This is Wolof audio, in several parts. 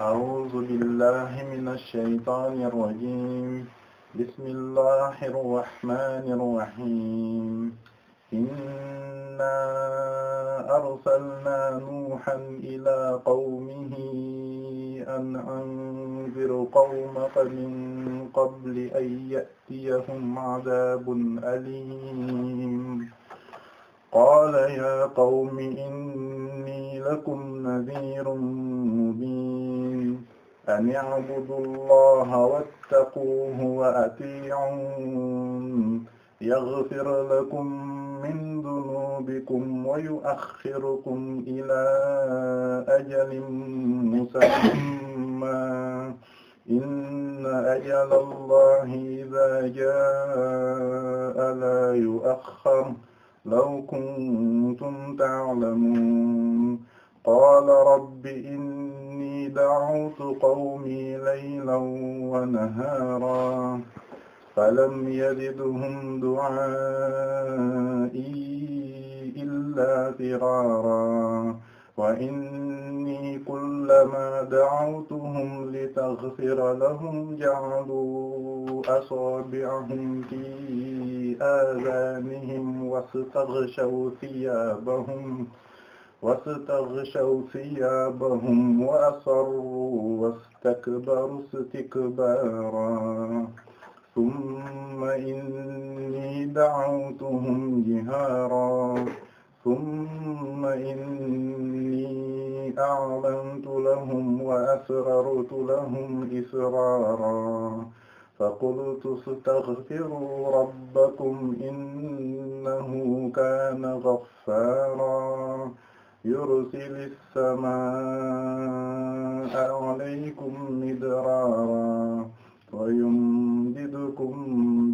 أعوذ بالله من الشيطان الرجيم بسم الله الرحمن الرحيم إنا أرسلنا نوحا إلى قومه أن أنذر قومك من قبل أن يأتيهم عذاب أليم qaala yaa qawmi innii lakum nadiirun mubiin an i'budu llaha wattaquuhu wa atii'uun yaghfir lakum min dunuubikum wa yu'akhxirukum ilaa ajalin musammaa inna ajala llahi idhaa jaa'a laa yu'akhkhar law kuntum ta'lamuun qaala rabbi innii da'awtu qawmii laylan wa nahaaran falam yazidhum du'aa'ii illaa firaaraa وإني كلما دعوتهم لتغفر لهم جعلوا أصابعهم في آذانهم واستغشوا ثيابهم واستغشوا ثيابهم وأصروا واستكبروا استكبارا ثم إني دعوتهم جهارا ثم إني أعلنت لهم وأسررت لهم إسرارا فقلت استغفروا ربكم إنه كان غفارا يرسل السماء عليكم مدرارا ويمددكم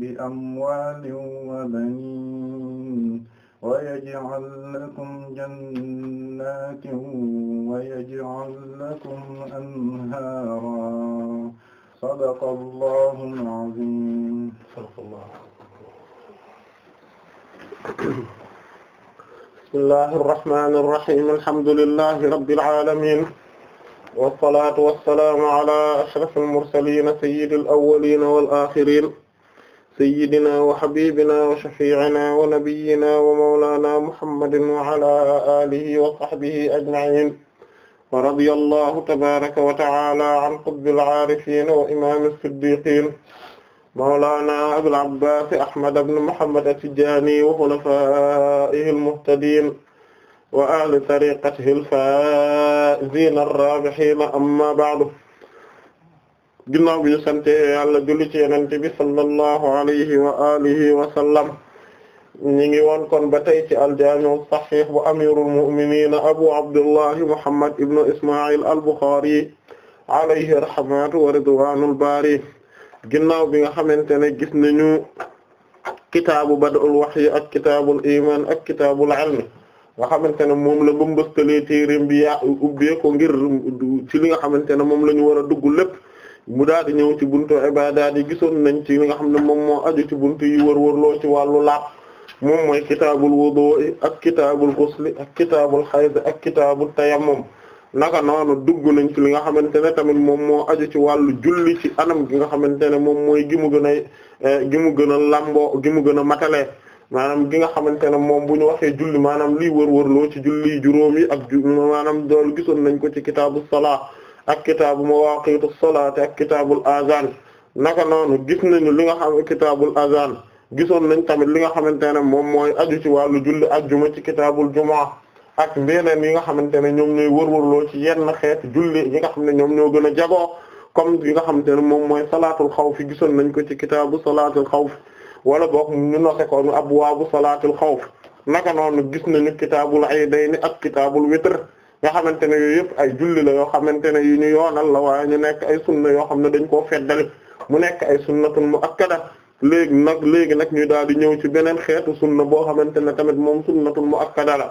بأموال وبنين ويجعل لكم جنات ويجعل لكم أنهارا صدق الله العظيم صدق الله بسم الله الرحمن الرحيم الحمد لله رب العالمين والصلاة والسلام على أشرف المرسلين سيد الأولين والآخرين sayyidina wa habibina wa shafi'ina wa nabiyyina wa mawlana muhammadin wa ala alihi wa sahbihi ajma'in wa radiyallahu tabaraka wa ta'ala an qutbil aarifin wa imam as-siddiqin mawlana abul abbas ahmad ibn muhammad at-tijani wa khulafa'ihi al-muhtadin wa ahli tariqatihi al-faa'izin ar-rabihin amma ba'du ginnaaw bi ñu sante yàlla julli ci yenente bi sallallahu alayhi wa alihi wa sallam ñi ngi woon kon ba tey ci aljaami'u sahih bu amirul mu'minin abu abdullahi muhammad ibnu isma'il al-bukhari alayhi rahmatu wa u baari ginnaaw bi nga xamante ne gis nañu kitaabu bad'ul wahyi ak kitaabul iman ak kitaabul ilm nga xamante ne moom la ba mbëstalee téeréem bi yaa ubbee ci li nga xamante ne moom la war a dugg lépp mu daal di ñëw ci buntu ibaadaat yi gisoon nañ ci li nga xam ne moom moo aju ci buntu yi loo ci wàllu laab moom mooy kitaabul wudu ak kitaabul ghusl ak kitaabul hayd ak kitaabul moom naka noonu dugg nañ ci li nga xamante ne tamit moom moo aju ci wàllu julli ci anam gi nga xamante ne moom mooy gi mu gën a eh, gi mu gën a lamboo gi mu gën a matale maanaam gi nga xamante ne moom bu ñu waxee julli maanaam liy wërwërloo ci julli juróom yi ak maanaam dool gisoon nañ ko ci kitaabu salaa ak kitaabu mawaaqiitu salaati ak kitaabul azan naka noonu gis nañu li nga xam kitaabul azan gisoon nañ tamit li nga xamante ne moom mooy aju ci wàllu julli ajjuma ci kitaabul jumaa ak beneen yi nga xamante ne ñoom ñooy wërwërloo ci yenn xeet julli yi nga xam ne ñoom ñoo gën a jagoo comme yi nga xamante ne moom mooy salaatul fi gisoon nañ ko ci kitaabu xaw xawf wala boog ñu noxe ko abwaabu salaatul xawf naka noonu gis nañu kitaabul iidayni ak kitaabul witr nga xamante ne yooyu yëpp ay julli la yoo xamante ne yu ñu yoonal la waaye ñu nekk ay sunna yoo xam ne dañ koo feddali mu nekk ay sunnatun muakkada léegi nag léegi nag ñu daal di ñëw ci beneen xeetu sunna boo xamante ne tamit moom sunnatun muakkada la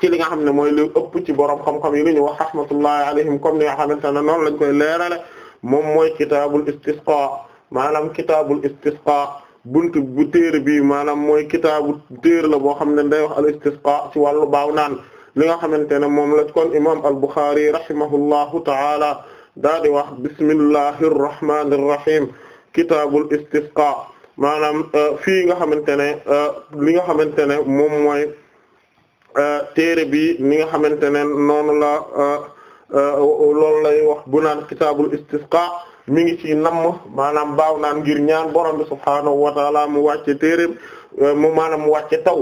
ci li nga xam ne mooy li ëpp ci borom xam-xam yi li ñu wax rahmatullahi alayhim comme ni nga xamante ne noonu lañ koy leerale moom mooy kitaabul istisqa maanam kitaabul istisqa bunt bu téere bi maanaam mooy kitaabu téere la boo xam ne day wax al istisqa ci wàllu baaw naan li nga xamante ne moom la kon imam al-Bukhari rahimahullahu ta'ala daa di wax bismillahir rahmanir rahim kitaabul istisqa maanaam euh, fii nga xamante ne euh, li nga xamante ne moom mooy euh, téere bi ni nga xamante ne noonu la loolu lay wax bu naan kitaabul istisqa mi ngi ci namm maanaam baaw naan ngir ñaan borom bi subhaanahu wa taala mu wàcce téere mu maanaam mu wàcce taw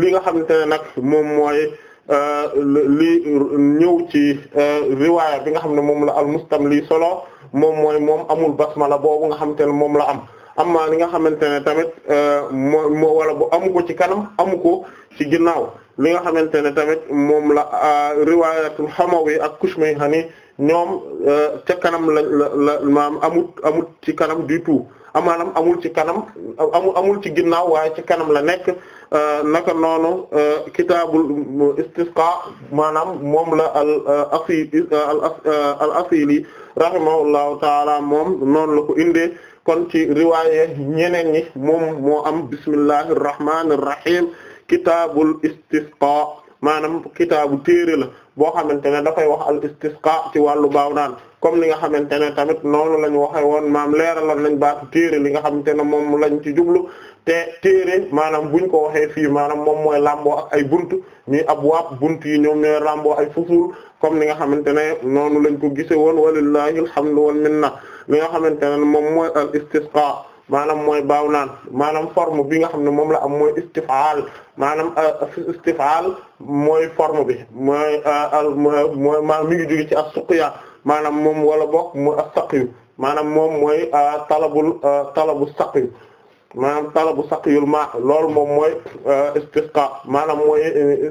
li nga xamante ne nag moom mooy Euh, lii ñëw ci euh, riwaaya bi nga xam ne moom la al lii solo moom mooy moom amul basmala boobu nga xamante ne moom la am amma li nga xamante ne tamit euh, mom wala bu amu ko ci kanam amu ko ci ginnaaw li nga xamante ne tamit moom la riwaayatul Hamawi ak Kushmayhani ñoom ca kanam la la la maam amut ci kanam du tout maanaam amul ci kanam amul amul ci ginnaaw waaye ci kanam la nekk euh, naka noonu euh, kitaabul istisqa maanaam moom la al euh, asi al asili rahimahullahu taala moom noonu la ko indee kon ci riwaaye ñeneen ñi moom moo am bismillahi irrahmani irrahim kitaabul istisqa maanaam kitaabu téere la boo xamante ne dafay wax al istisqa ci wàllu baaw naan comme li nga xamante ne tamit noonu la ñu waxee woon maam leeral leeralal nañ baatu téere li nga xamante ne moom lañ ci jublu te téere maanaam buñ ko waxee fii maanaam moom mooy lamboo ak ay buntu ñuy abwaab buntu yi ñoom ñooy lamboo ay fusuur comme li nga xamante ne noonu lañ ko gisee woon walillahi alhamdu wal minna li nga xamante ne moom mooy al istisqa maanaam mooy baaw naan maanaam forme bi nga xam ne moom la am mooy istifaal maanaam euh, istifaal mooy forme bi mooy euh, mooy maanaam mi ngi jóge ci as maanaam moom wala bokk mu as-saqyu maanaam moom mooy euh, talabul euh, talabu saqyu maanaam talabu saqyul ma loolu moom mooy euh, istisqa maanaam mooy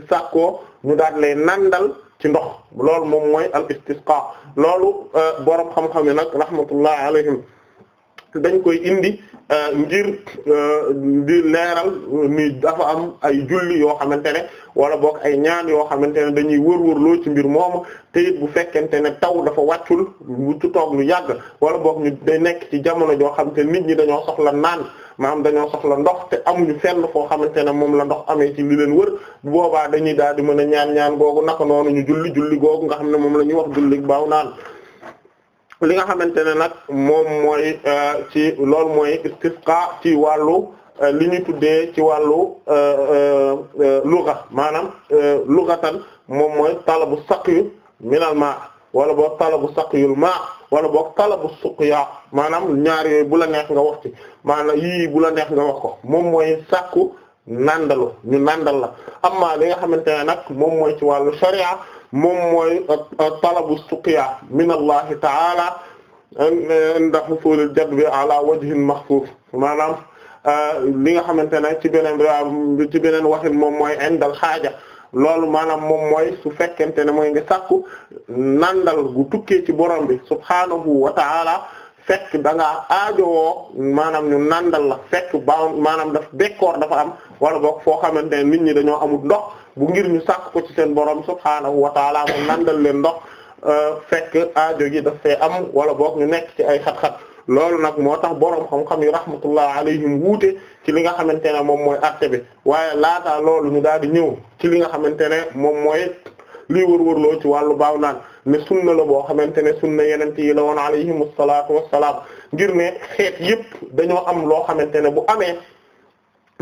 sàkkoo ñu daal lay nandal ci ndox loolu moom mooy al istisqa loolu borom xam-xam yi nag rahmatullah alayhim dañ koy indi Euh, ngir euh, di leeral ni dafa am ay julli yoo xamante ne wala boog ay ñaan yoo xamante ne dañuy wër-wërloo ci mbir moomu te it bu fekkente ne taw dafa wàccul ci toog lu yàgg wala boog ñu day nekk ci jamono joo xamante ne nit ñi dañoo soxla naan maam dañoo soxla ndox te amuñu fenn foo xamante ne moom la ndox amee ci li leen wër bu boobaa dañuy daal di mën a ñaan ñaan googu naka noonu ñu julli julli googu nga xam ne moom la ñuy wax julli baaw naan. li nga xamante ne nag moom mooy euh, ci loolu mooy istisqa ci wàllu euh, li ñu tuddee ci wàllu euh, lugha maanaam lughatan moom mooy talabu saqyu minal ma wala boog talabu saqyul ma wala boog talabu suqya maanaam ñaar yooyu bu la neex nga wax ci maanaam yii bu la neex nga wax ko moom mooy sàkku nandalu ñu nandal la ama li nga xamante ne nag moom mooy ci wàllu sharia moom mooy euh, talabu suqya min allahi taala inda husulil jadbi ala wajhin mahsus maanaam euh, li nga xamante ne ci beneen ci beneen waxin moom mooy indal xaaja loolu maanaam moom mooy su fekkente ne mooy nga sàkku nandal gu tukkee ci borom bi subhaanahu wa taala fekk da ngaa aajowoo maanaam ñu nandal la fekk ba maanaam daf bekkoor dafa am wala book foo xamante ne nit ñi dañoo amul ndox bu ngir ñu sàkk ko ci seen borom subhaanahu wa taala mu nandal leen ndox euh, fekk aajo gi daf fee am wala boog ñu nekk ci ay xat-xat loolu nag moo tax borom xam-xam yi rahmatullah alayhim wuute ci li nga xamante ne moom mooy acte bi waaye laataa loolu ñu daal di ñëw ci li nga xamante ne moom mooy lii wërwërloo ci wàllu baaw naan ne sunna la boo xamante ne sunna yenente yi la woon alayhim asalaatu wassalaam ngir ne xeet yëpp dañoo am loo xamante ne bu amee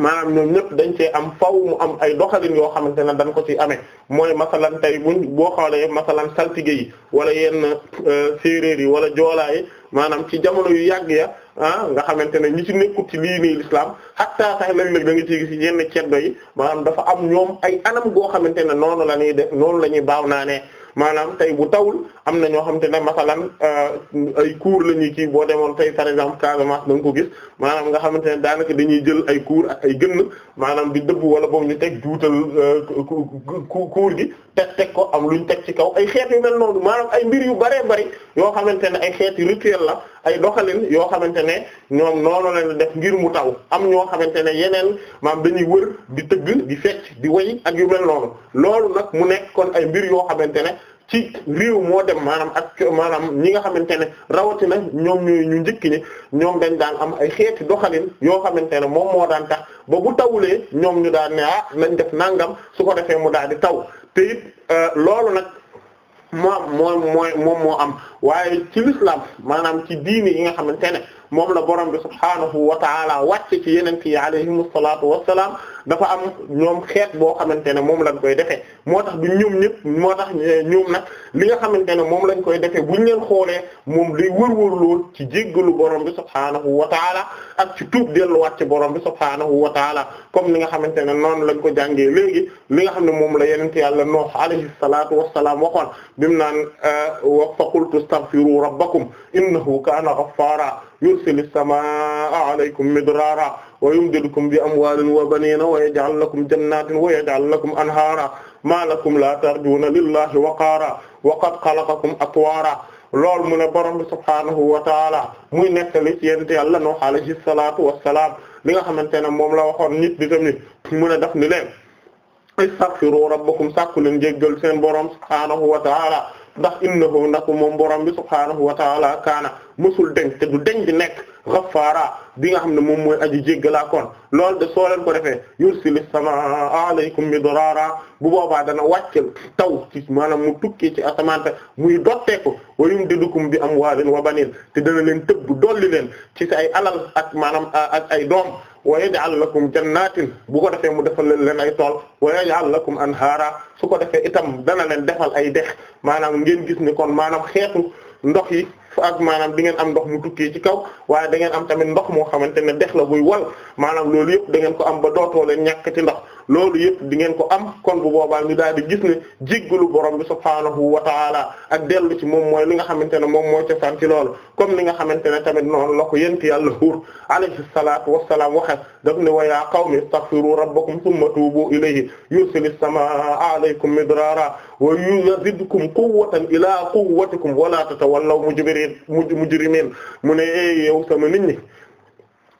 maanaam ñoom ñëpp dañ cee am faw am ay doxalin yoo xamante ne dañ ko ci amee mooy masalan tey buñ boo xoolee masalan saltige yi wala yenn euh, séeréer yi wala joolaa yi maanaam ci jamono yu yàgg ya ah nga xamante ne ñi ci nekkut ci lii nii l'islam hatta sax léeg-léeg da nga ciy gis yenn ceddo yi maanaam dafa am ñoom ay anam goo xamante ne noonu la ñuy def noonu la ñuy baaw naa ne maanaam tey bu tawul am na ñoo xamante ne masalan euh, ay cours la ñuy ci boo demoon tey par exemple Casamance da nga ko gis maanaam nga xamante ne daanaka dañuy jël ay cours ak ay gënn maanaam di dëbb wala boog ñu teg juutal euh, kuur gi teg teg ko am lu ñu teg ci kaw ay xeet yu mel noonu maanaam ay mbir yu bëree bëri yoo xamante ne ay xeet yu la ay doxalin yoo xamante ne ñoom noonu lañ def ngir mu taw am ñoo xamante ne yeneen maam dañuy wër di tëgg di fecc di way ak yu mel noonu loolu nag mu nekk kon ay mbir yoo xamante ne ci réew moo dem maanaam ak maanaam ñi nga xamante ne rawatina ñoom ñooy ñu njëkk ñi ñoom dañ daan am ay xeeti doxalin yoo xamante ne moom moo daan tax ba bu tawulee ñoom ñu daan ne ah nañ def nangam su ko defee mu daal di taw te it euh, loolu nag. moom moom mooy moom moo am waaye ci l'islam maanaam ci diini yi nga xamante ne moom la borom bi subhaanahu wa taala wàcce ci yeneen yi alayhimu salaatu wa salaam dafa am ñoom xeet boo xamante ne moom lañu koy defee moo tax du ñoom ñëpp moo tax ñoom nag li nga xamante ne moom lañ koy defee buñ leen xoolee moom lay wër-wër lool ci jéggalu borom bi subhaanahu wa taala ak ci tuub delluwaat ci borom bi subhaanahu wa taala comme li nga xamante ne noonu lañ ko jàngee léegi li nga xam ne moom la yenent yàlla Nuh alayhi salaatu wassalaam waxoon bimu naan wa faqultu astaghfiru rabbakum innahu kaana ghaffara yursilis samaa alaykum wa yumdidkum bi amwaalin wa baniina wa yaj'al lakum jannaatin wa yaj'al lakum anhaara maa lakum laa tarjuuna lillaahi waqaara wa qad xalaqakum atwaara lool mu ne borom bi subhaanahu wa taala muy nettali ci yent yàlla Nuh alayhi salaatu wa salaam li nga xamante ne moom la waxoon nit di tamit mu ne daf ni leen istaghfiru rabbakum sàkku leen jéggal seen borom subhaanahu wa taala ndax innahu nak moom borom bi subhaanahu wa taala kaana mosul deñ te du deñ di nekk ghaffaara bi nga xam ne moom mooy aji jéggalaa kon loolu de soo ko defee yursilu samaa alaykum midraara bu boobaa dana wàccal taw ci maanaam mu tukki ci asamante muy dotteeku wa yumdidukum bi amwaalin wa baniin te dana leen tëbb dolli leen ci ay alal ak maanaam ak ay doom wa yaj'al lakum jannatin bu ko defee mu defal leen ay tool wa yaj'al lakum anhaara su ko defee itam dana leen defal ay dex maanaam ngeen gis ni kon maanaam xeetu ndox yi ak maanaam di ngeen am ndox mu tukkee ci kaw waaye da ngeen am tamit ndox moo xamante ne dex la buy wal maanaam loolu yëpp dangeen ko am ba dootoo leen ñàkk ndox loolu yëpp di ngeen ko am kon bu boobaal ñu daal di gis ne jéggalu borom bi subhaanahu wa taala ak dellu ci moom mooy li nga xamante ne moom mooy cosaan ci loolu comme li nga xamante ne tamit noonu la ko yent yàlla huur alayhi salaatu wassalaam waxe daf ne wa yaa qawmi istaghfiru rabbakum thumma tuubu ilayhi yursilis samaa alaykum midraara wa yazidkum quwwatan ila quwwatikum wa la tatawallaw mujrimin mujrimin mu ne yow sama nit ñi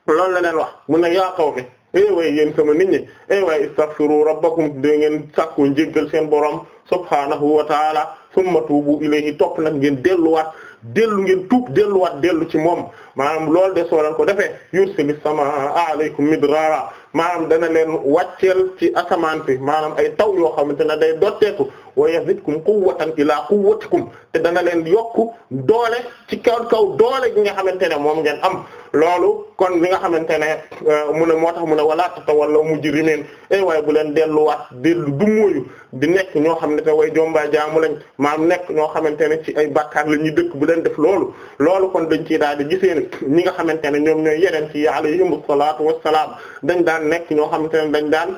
la leen wax mu ne yaa qawmi eh way yéen sama nit ñi eh way istaghfiru rabbakum da ngeen sàkku njéggal seen borom subhaanahu wa taala summa tuubu ilayhi topp nag ngeen delluwaat dellu ngeen tuub delluwaat dellu ci moom maanaam loolu de soo leen ko defee yursili samaa alaykum midrara maanaam dana leen wàcceel ci asamaan fi maanaam ay taw yoo xamante ne day dotteeku wa yazidkum quwwatan ila quwwatikum te dana leen yokku doole ci kaw kaw doole gi nga xamante ne moom ngeen am loolu kon li nga xamante ne euh, mun ne moo tax mu ne wala tatawallaw mujrimin ay eh, waaye bu leen delluwaat dellu du mooyu di nekk ñoo xam ne te way jomba jaamu lañ maam nekk ñoo xamante ne ci ay bakkaar la ñuy dëkk bu leen def loolu loolu kon dañ ciy daal di gisee ni ñi nga xamante ne ñoom ñooy yeneen ci alayhimu salaatu wassalaam dañ daan nekk ñoo xamante ne dañ daan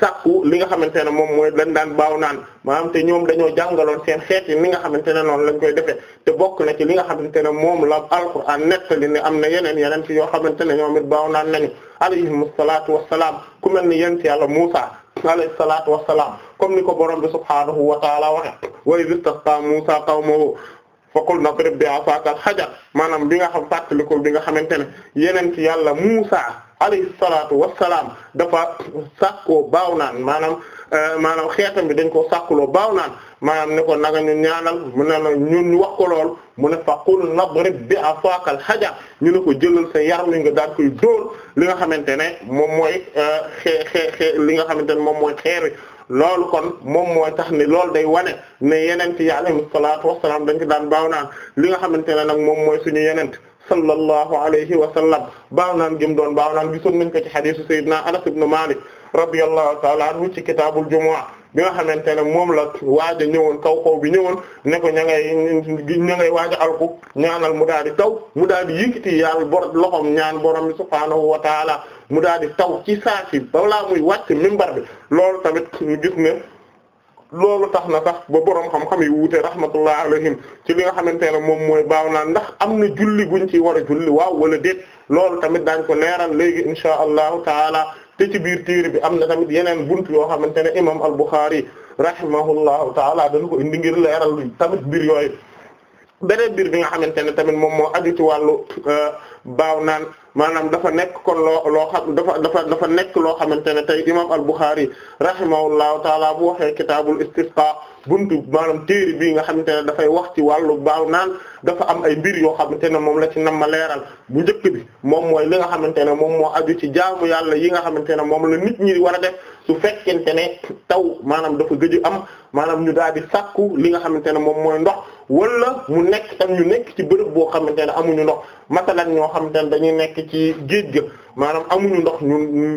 sàkku li nga xamante ne moom mooy lañ daan baaw naan maanaam te ñoom dañoo jàngaloon seen xeet yi ni nga xamante ne noonu lañ koy defee te bokk na ci li nga xamante ne moom la alquran nettali ne am na yeneen yeneen ci yoo xamante ne ñoom it baaw naan nañu alayhimu salaatu wassalaam ku mel ni yent yàlla Muusaa alayhi salaatu wassalaam comme ni ko borom bi subhaanahu wa ta'aala waxe wa iz istasqaa Muusaa qawmahu faqul nadrib bi'asaaka al-hajar maanaam bi nga xam fàttalikul bi nga xamante ne yeneen ci yàlla Muusaa alayhi salaatu wassalaam dafa sàkkoo baaw naan maanaam euh, maanaam xeetam bi dañ ko sàkkuloo baaw naan maanaam ne ko nanga ñu ñaanal mu ne ñun ñu wax ko lool mu ne faqul nadrib bi asaaka al hajar ñu ne ko jëlal sa yar wi nga daal koy dóor li nga xamante ne moom mooy euh, xee li nga xamante ne moom mooy xeer loolu kon moom mooy tax ne loolu day wane ne yeneen ci yi alayhi salaatu wassalaam dañ ko daan baaw naan li nga xamante ne nag moom mooy suñu yeneen. sallallahu alayhi wa sallam baaw naan gëm doon baaw naan gisoon nañ ko ci hadiisu Seydina Anas ibn Malik radiyallahu ta'ala anhu ci kitaabul jumu'a bi nga xamante ne moom la waaja ñëwoon kaw kaw bi ñëwoon ne ko ña ngay ña ngay waaja alku ñaanal mu daal di taw mu daal di yëkkati yàlla bor loxoom ñaan borom bi subhaanahu wa ta'ala mu daal di taw ci saa si balaa muy wàcc minbar bi loolu tamit ñu gis ne loolu tax na sax ba boroom xam-xam yi wuute rahmatullah alayhim ci li nga xamante ne moom mooy baaw naa ndax am na julli guñ ci war a julli waaw wala déet loolu tamit daañ ko leeral léegi insha allahu taala te ci biir téere bi am na tamit yeneen bunt yoo xamante ne imam al-Bukhari rahimahullahu taala dañu ko indi ngir leeral tamit biir yooyu beneen biir bi nga xamante ne tamit moom moo aju ci wàllu euh, baaw naan maanaam dafa nekk kon loo loo xam dafa dafa dafa nekk loo xamante ne tey imam al Bukhari rahimahullahu taala bu waxee kitaabul istisqa buntu maanaam téere bii nga xamante ne dafay wax ci wàllu baaw naan dafa am ay mbir yoo xamante ne moom la ci nam ma leeral bu njëkk bi moom mooy li nga xamante ne moom moo aju ci jaamu yàlla yi nga xamante ne moom la nit ñi war a def su fekkente ne taw maanaam dafa gëj am maanaam ñu daal di sakku li nga xamante ne moom mooy ndox wala mu nekk tam ñu nekk ci bërëb boo xamante ne amuñu ndox masalan ñoo xamante ne dañuy nekk ci géej ga maanaam amuñu ndox ñu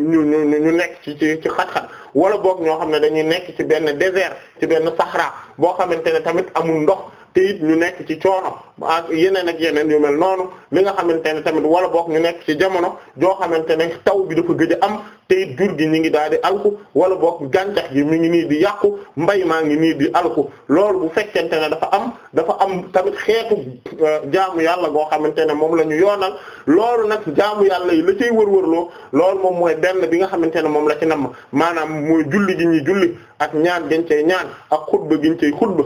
ñu ñu ñu nekk ci ci ci xat-xat wala boog ñoo xam ne dañuy nekk ci benn désert ci benn sahara boo xamante ne tamit amul ndox te it ñu nekk ci coono ak yeneen ak yeneen yu mel noonu li nga xamante ne tamit wala boog ñu nekk ci jamono joo xamante ne taw bi dafa gëj a am te it jur gi ñu ngi daal di alku wala boog gàncax gi mi ngi nii di yàqu mbay maa ngi nii di alku loolu bu fekkente ne dafa am dafa am tamit xeetu euh, jaamu yàlla goo xamante ne moom la ñu yoonal loolu nag jaamu yàlla yi la cay wërwërloo loolu moom mooy benn bi nga xamante ne moom la ci namm maanaam mooy julli gi ñuy julli ak ñaan gën cee ñaan ak xutba gën cee xutba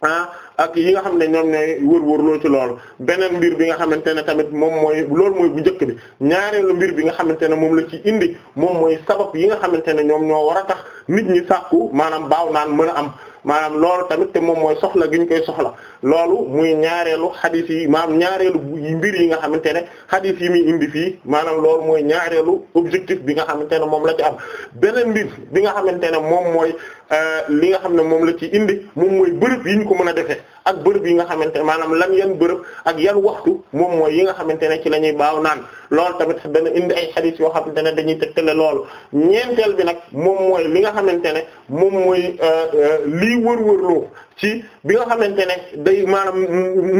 ah ak yi nga xam ne ñoom ñooy wër-wërloo ci loolu beneen mbir bi nga xamante ne tamit moom mooy loolu mooy bu njëkk bi ñaareelu mbir bi nga xamante ne moom la ci indi moom mooy sabab yi nga xamante ne ñoom ñoo war a tax nit ñi sàkku maanaam baaw naan mën a am maanaam loolu tamit te moom mooy soxla gi ñu koy soxla loolu muy ñaareelu xadis yi maanaam ñaareelu mbir yi nga xamante ne xadis yi muy indi fii maanaam loolu mooy ñaareelu objectif bi nga xamante ne moom la ci am beneen mbir bi nga xamante ne moom mooy euh, li nga xam ne moom la ci indi moom mooy bërëb yi ñu ko mën a defee ak bërëb yi nga xamante ne maanaam lan yan bërëb ak yan waxtu moom mooy yi nga xamante ne ci la ñuy baaw naan loolu tamit dana indi ay xadis yoo xamante ne dañuy tëkkale loolu ñeenteel bi nag moom mooy li nga xamante ne moom mooy euh, euh, lii wër-wër loo ci bi nga xamante ne day maanaam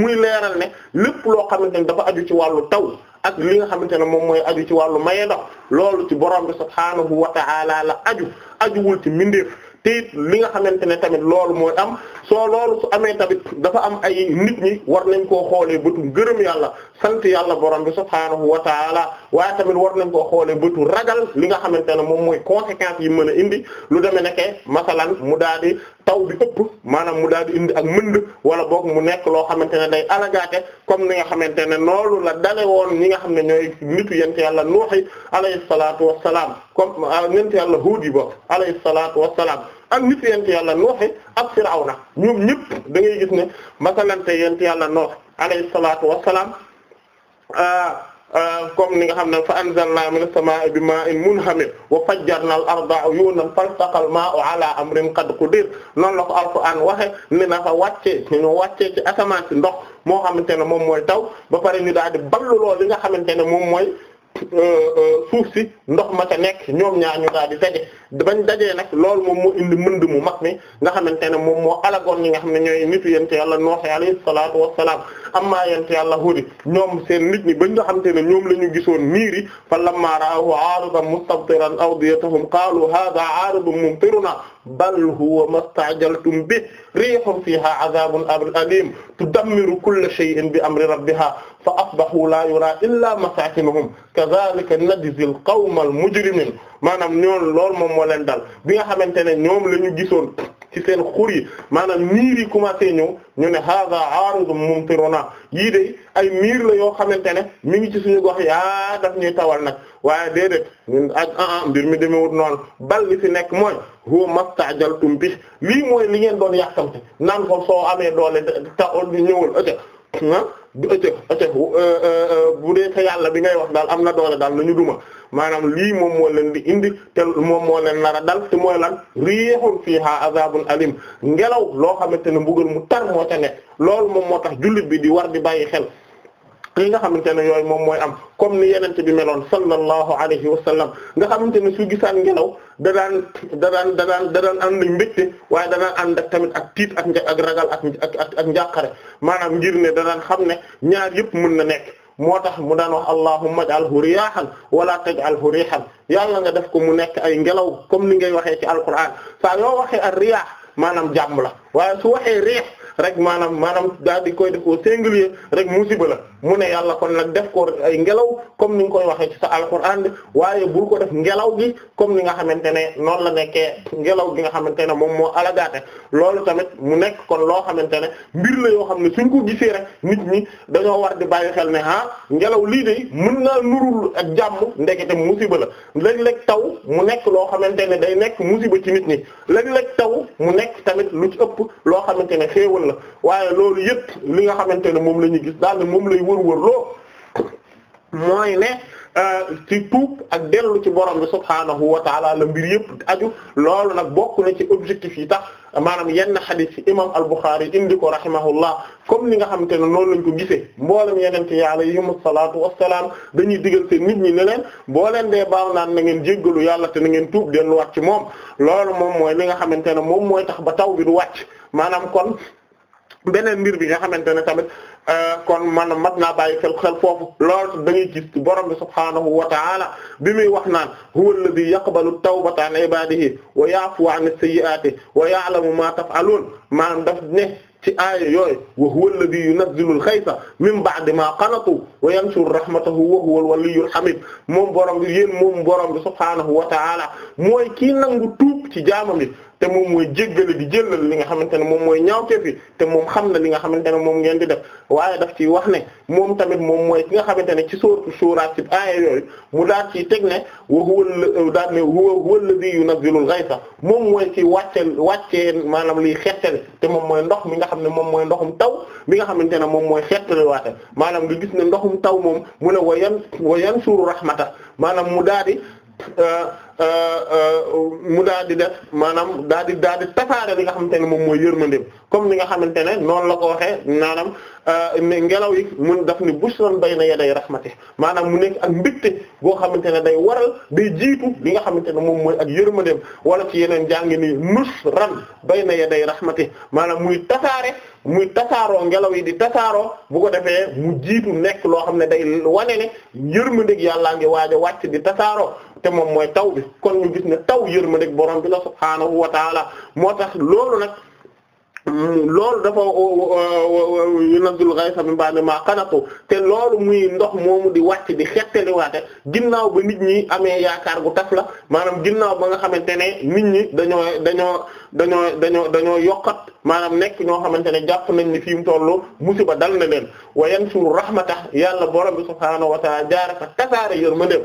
muy leeral ne lépp loo xamante ne dafa aju ci wàllu taw ak li nga xamante ne moom mooy aju ci wàllu maye loolu ci borom bi subhaanahu wa ta'ala la aju ajuwul ci mbindeef te li nga xamante ne tamit loolu mooy am soo loolu amee tamit dafa am ay nit ñi war nañ koo xoolee bëtu gërëm yàlla sant yàlla borom bi subhaanahu wa ta'ala waaye tamit war nañ koo xoolee bëtu ragal li nga xamante ne moom mooy conséquences yi mën a indi lu demee nekke masalan mu daal taw bi ëpp maanaam mu daal di indi ak mënd wala boog mu nekk loo xamante ne day alagaate comme ni nga xamante ne loolu la dale woon ñi nga xam ne ñooy nitu yent yàlla nuuxi alayhi salaatu wassalaam comme ah, yent yàlla huud yi bo alayhi salaatu wassalaam ak nitu yent yàlla nuuxi ak firawna ñoom ñëpp da ngay gis ne masalante yent yàlla nuux alayhi salaatu wassalaam ah, Euh, comme ni nga xam ne fa an anzalna minas samaa'i bimaa'in munhamir wa fajjarna al-arda uyunan faltaqal maa'u ala amrin qad qadir noonu la ko alquran waxe ne na fa wàccee ñu wàccee ci asamaan ndox moo xamante ne moom mooy taw ba pare ñu daal di ballu li nga xamante ne moom mooy Euh, euh, suuf si ndox ma ca nekk ñoom ñaar ñu daal di daje bañ dajee nag loolu moom moo indi mënd mu mag mi nga xamante ne moom moo alagoon ñi nga xam ne ñooy nitu yent yàlla nooxe alayhi salaatu wassalaam amma yent yàlla hudi ñoom seen nit ñi bañ nga xamante ne ñoom la ñu gisoon niir yi fa lamma ra'ahu aaridan mustabtiran awdiyatahum qaalu haadha aaridun mumtiruna bal huwa mastajaltum bi rihun fiha azabun alim tudammiru kulla shay'in bi amri rabbiha fa asbahu la yura illa masakinuhum kadhalika najzi al qawma al mujrimin maanaam ñoom loolu moom moo leen dal bi nga xamante ne ñoom la ñu gisoon ci seen xur yi maanaam niir yi commencé ñëw ñu ne hada aaridun mumtiruna yii de ay niir la yoo xamante ne mi ngi ci suñu gox yaa daf ñuy tawal nag waaye déedéet ñun ak ah ah mbir mi demewut noonu bal li fi nekk mooy huwa mastajaltum bi lii mooy li ngeen doon yàkkamte naan ko soo amee doole ta ñëwal ëtë ah du ëtë euh, euh, euh, yàlla bi ngay wax daal am na doole daal ñu duma maanaam lii moom moo leen di indi te moom moo leen nar a dal te mooy lan riihun fiihaa azabun alim ngelaw loo xamante ne mbugal mu tar moo ca moom moo tax jullit bi di war di bàyyi xel li nga xamante ne yooyu moom mooy am comme ni yenente bi meloon sallallahu alayhi wa sallam nga xamante ne su gisaan ngelaw da daan da daan da daan da daan ànd ak mbégte waaye da daan ànd ak tamit ak tiit ak ak ragal ak ak ak njàqare maanaam ngir ne da daan xam ne ñaar yëpp mën na nekk moo tax mu daan wax allahumma ij'alhu riyahan wala taj'alhu rihan yàlla nga def ko mu nekk ay ngelaw comme ni ngay waxee ci alquran saa yoo waxee ar riyah maanaam jàmm la waaye su waxee riih rek maanaam maanaam daal di koy def au singulier rek musiba la mu ne yàlla kon nag def ko ay ngelaw comme ni nga koy waxee ci sa alxuraan waaye bul ko def ngelaw gi comme ni nga xamante ne noonu la nekkee ngelaw gi nga xamante ne moom moo alagaate loolu tamit mu nekk kon loo xamante ne mbir la yoo xam ne suñ ko gisee rek nit ñi dañoo war di bàyyi xel ne ah ngelaw lii de mën naa nurul ak jàmm ndekete musiba la léeg-léeg taw mu nekk loo xamante ne day nekk musiba ci nit ñi léeg-léeg taw mu nekk tamit lu ci ëpp loo xamante waaye loolu yëpp li nga xamante ne moom la ñuy gis daal moom lay wër-wër loo mooy ne euh, ci tuub ak dellu ci borom bi subhaanahu wa taala la mbir yëpp aju loolu nag bokk na ci objectif yi tax maanaam yenn xadis yi imam al-Bukhari indi ko rahimahullah comme ni nga xamante ne noonu lañ ko gisee mboolem yenente yàlla yi mu salaatu wassalaam dañuy digal seen nit ñi ne leen boo leen dee baaw naan na ngeen jéggalu yàlla te na ngeen tuub delluwaat ci moom loolu moom mooy li nga xamante ne moom mooy tax ba taw bi du wàcc maanaam kon beneen mbir bi nga xamante ne tamit euh, kon man mat naa bàyyi xel xel foofu loolu da ngay gis borom bi subhaanahu wa ta'ala bi muy wax naan huwa alladhi yaqbalu tawbata an ibadihi wa ya'fu an sayyi'ati wa ya'lamu ma taf'alun maanaam daf ne ci aaya yooyu wa huwa alladhi yunazzilu al-ghaytha min ba'di ma qanatu wa yanshuru rahmatahu wa huwa al-waliyyul hamid moom borom bi yéen moom borom bi subhaanahu wa ta'ala mooy kii nangu tuub ci jaamam bi te moom mooy jéggale di jëllal li nga xamante ne moom mooy ñaawteef yi te moom xam na li nga xamante ne moom ngeen di def waaye daf wax ne moom tamit moom mooy ki nga xamante ne ci sourate Shura ci aaya mu daal ciy teg ne wa huwa daal ne huwa huwa alladhi yunazzilul ghaytha ci wàcceel wàccee maanaam liy xettale te moom mooy ndox mi nga xam ne moom mooy ndoxum taw bi nga xamante ne moom mooy xettale waate maanaam nga gis ne ndoxum taw moom mu ne wa yan wa yansuru rahmata maanaam mu daal di Euh, euh, euh, mu daal di def maanaam daal di daal di tasaare li nga xamante ne moom mooy yërmandeem comme ni nga xamante ne noonu la ko waxee maanaam ngelaw yi mu daf ni bushran bayna yaday rahmati maanaam mu nekk ak mbégte boo xamante ne day waral day jiitu li nga xamante ne moom mooy ak yërmandeem wala ci yeneen jàng ni musran bayna yaday rahmati maanaam muy tasaare. muy tasaaroo ngelaw yi di tasaaroo bu ko defee mu jiitu nekk loo xam ne day wane ne yërmandeeg yàllaa ngi waaj a wàcc di tasaaroo te moom mooy taw bi kon ñu gis ne taw yërmandeeg borom bi la subhaanahu wa moo tax loolu nag Mm, loolu dafa yunazzul ghaytha min ba'di ma qanatu te loolu muy ndox moomu di wàcc di xettaliwaate ginnaaw ba nit ñi amee yaakaar gu tas la maanaam ginnaaw ba nga xamante ne nit ñi dañoo dañoo dañoo dañoo dañoo yokkat maanaam nekk ñoo xamante ne jàpp nañ ni fi mu toll musiba dal na leen wa yansuru rahmata yàlla borom bi subhaanahu wa ta'ala jaare fa tasaare yërmandeem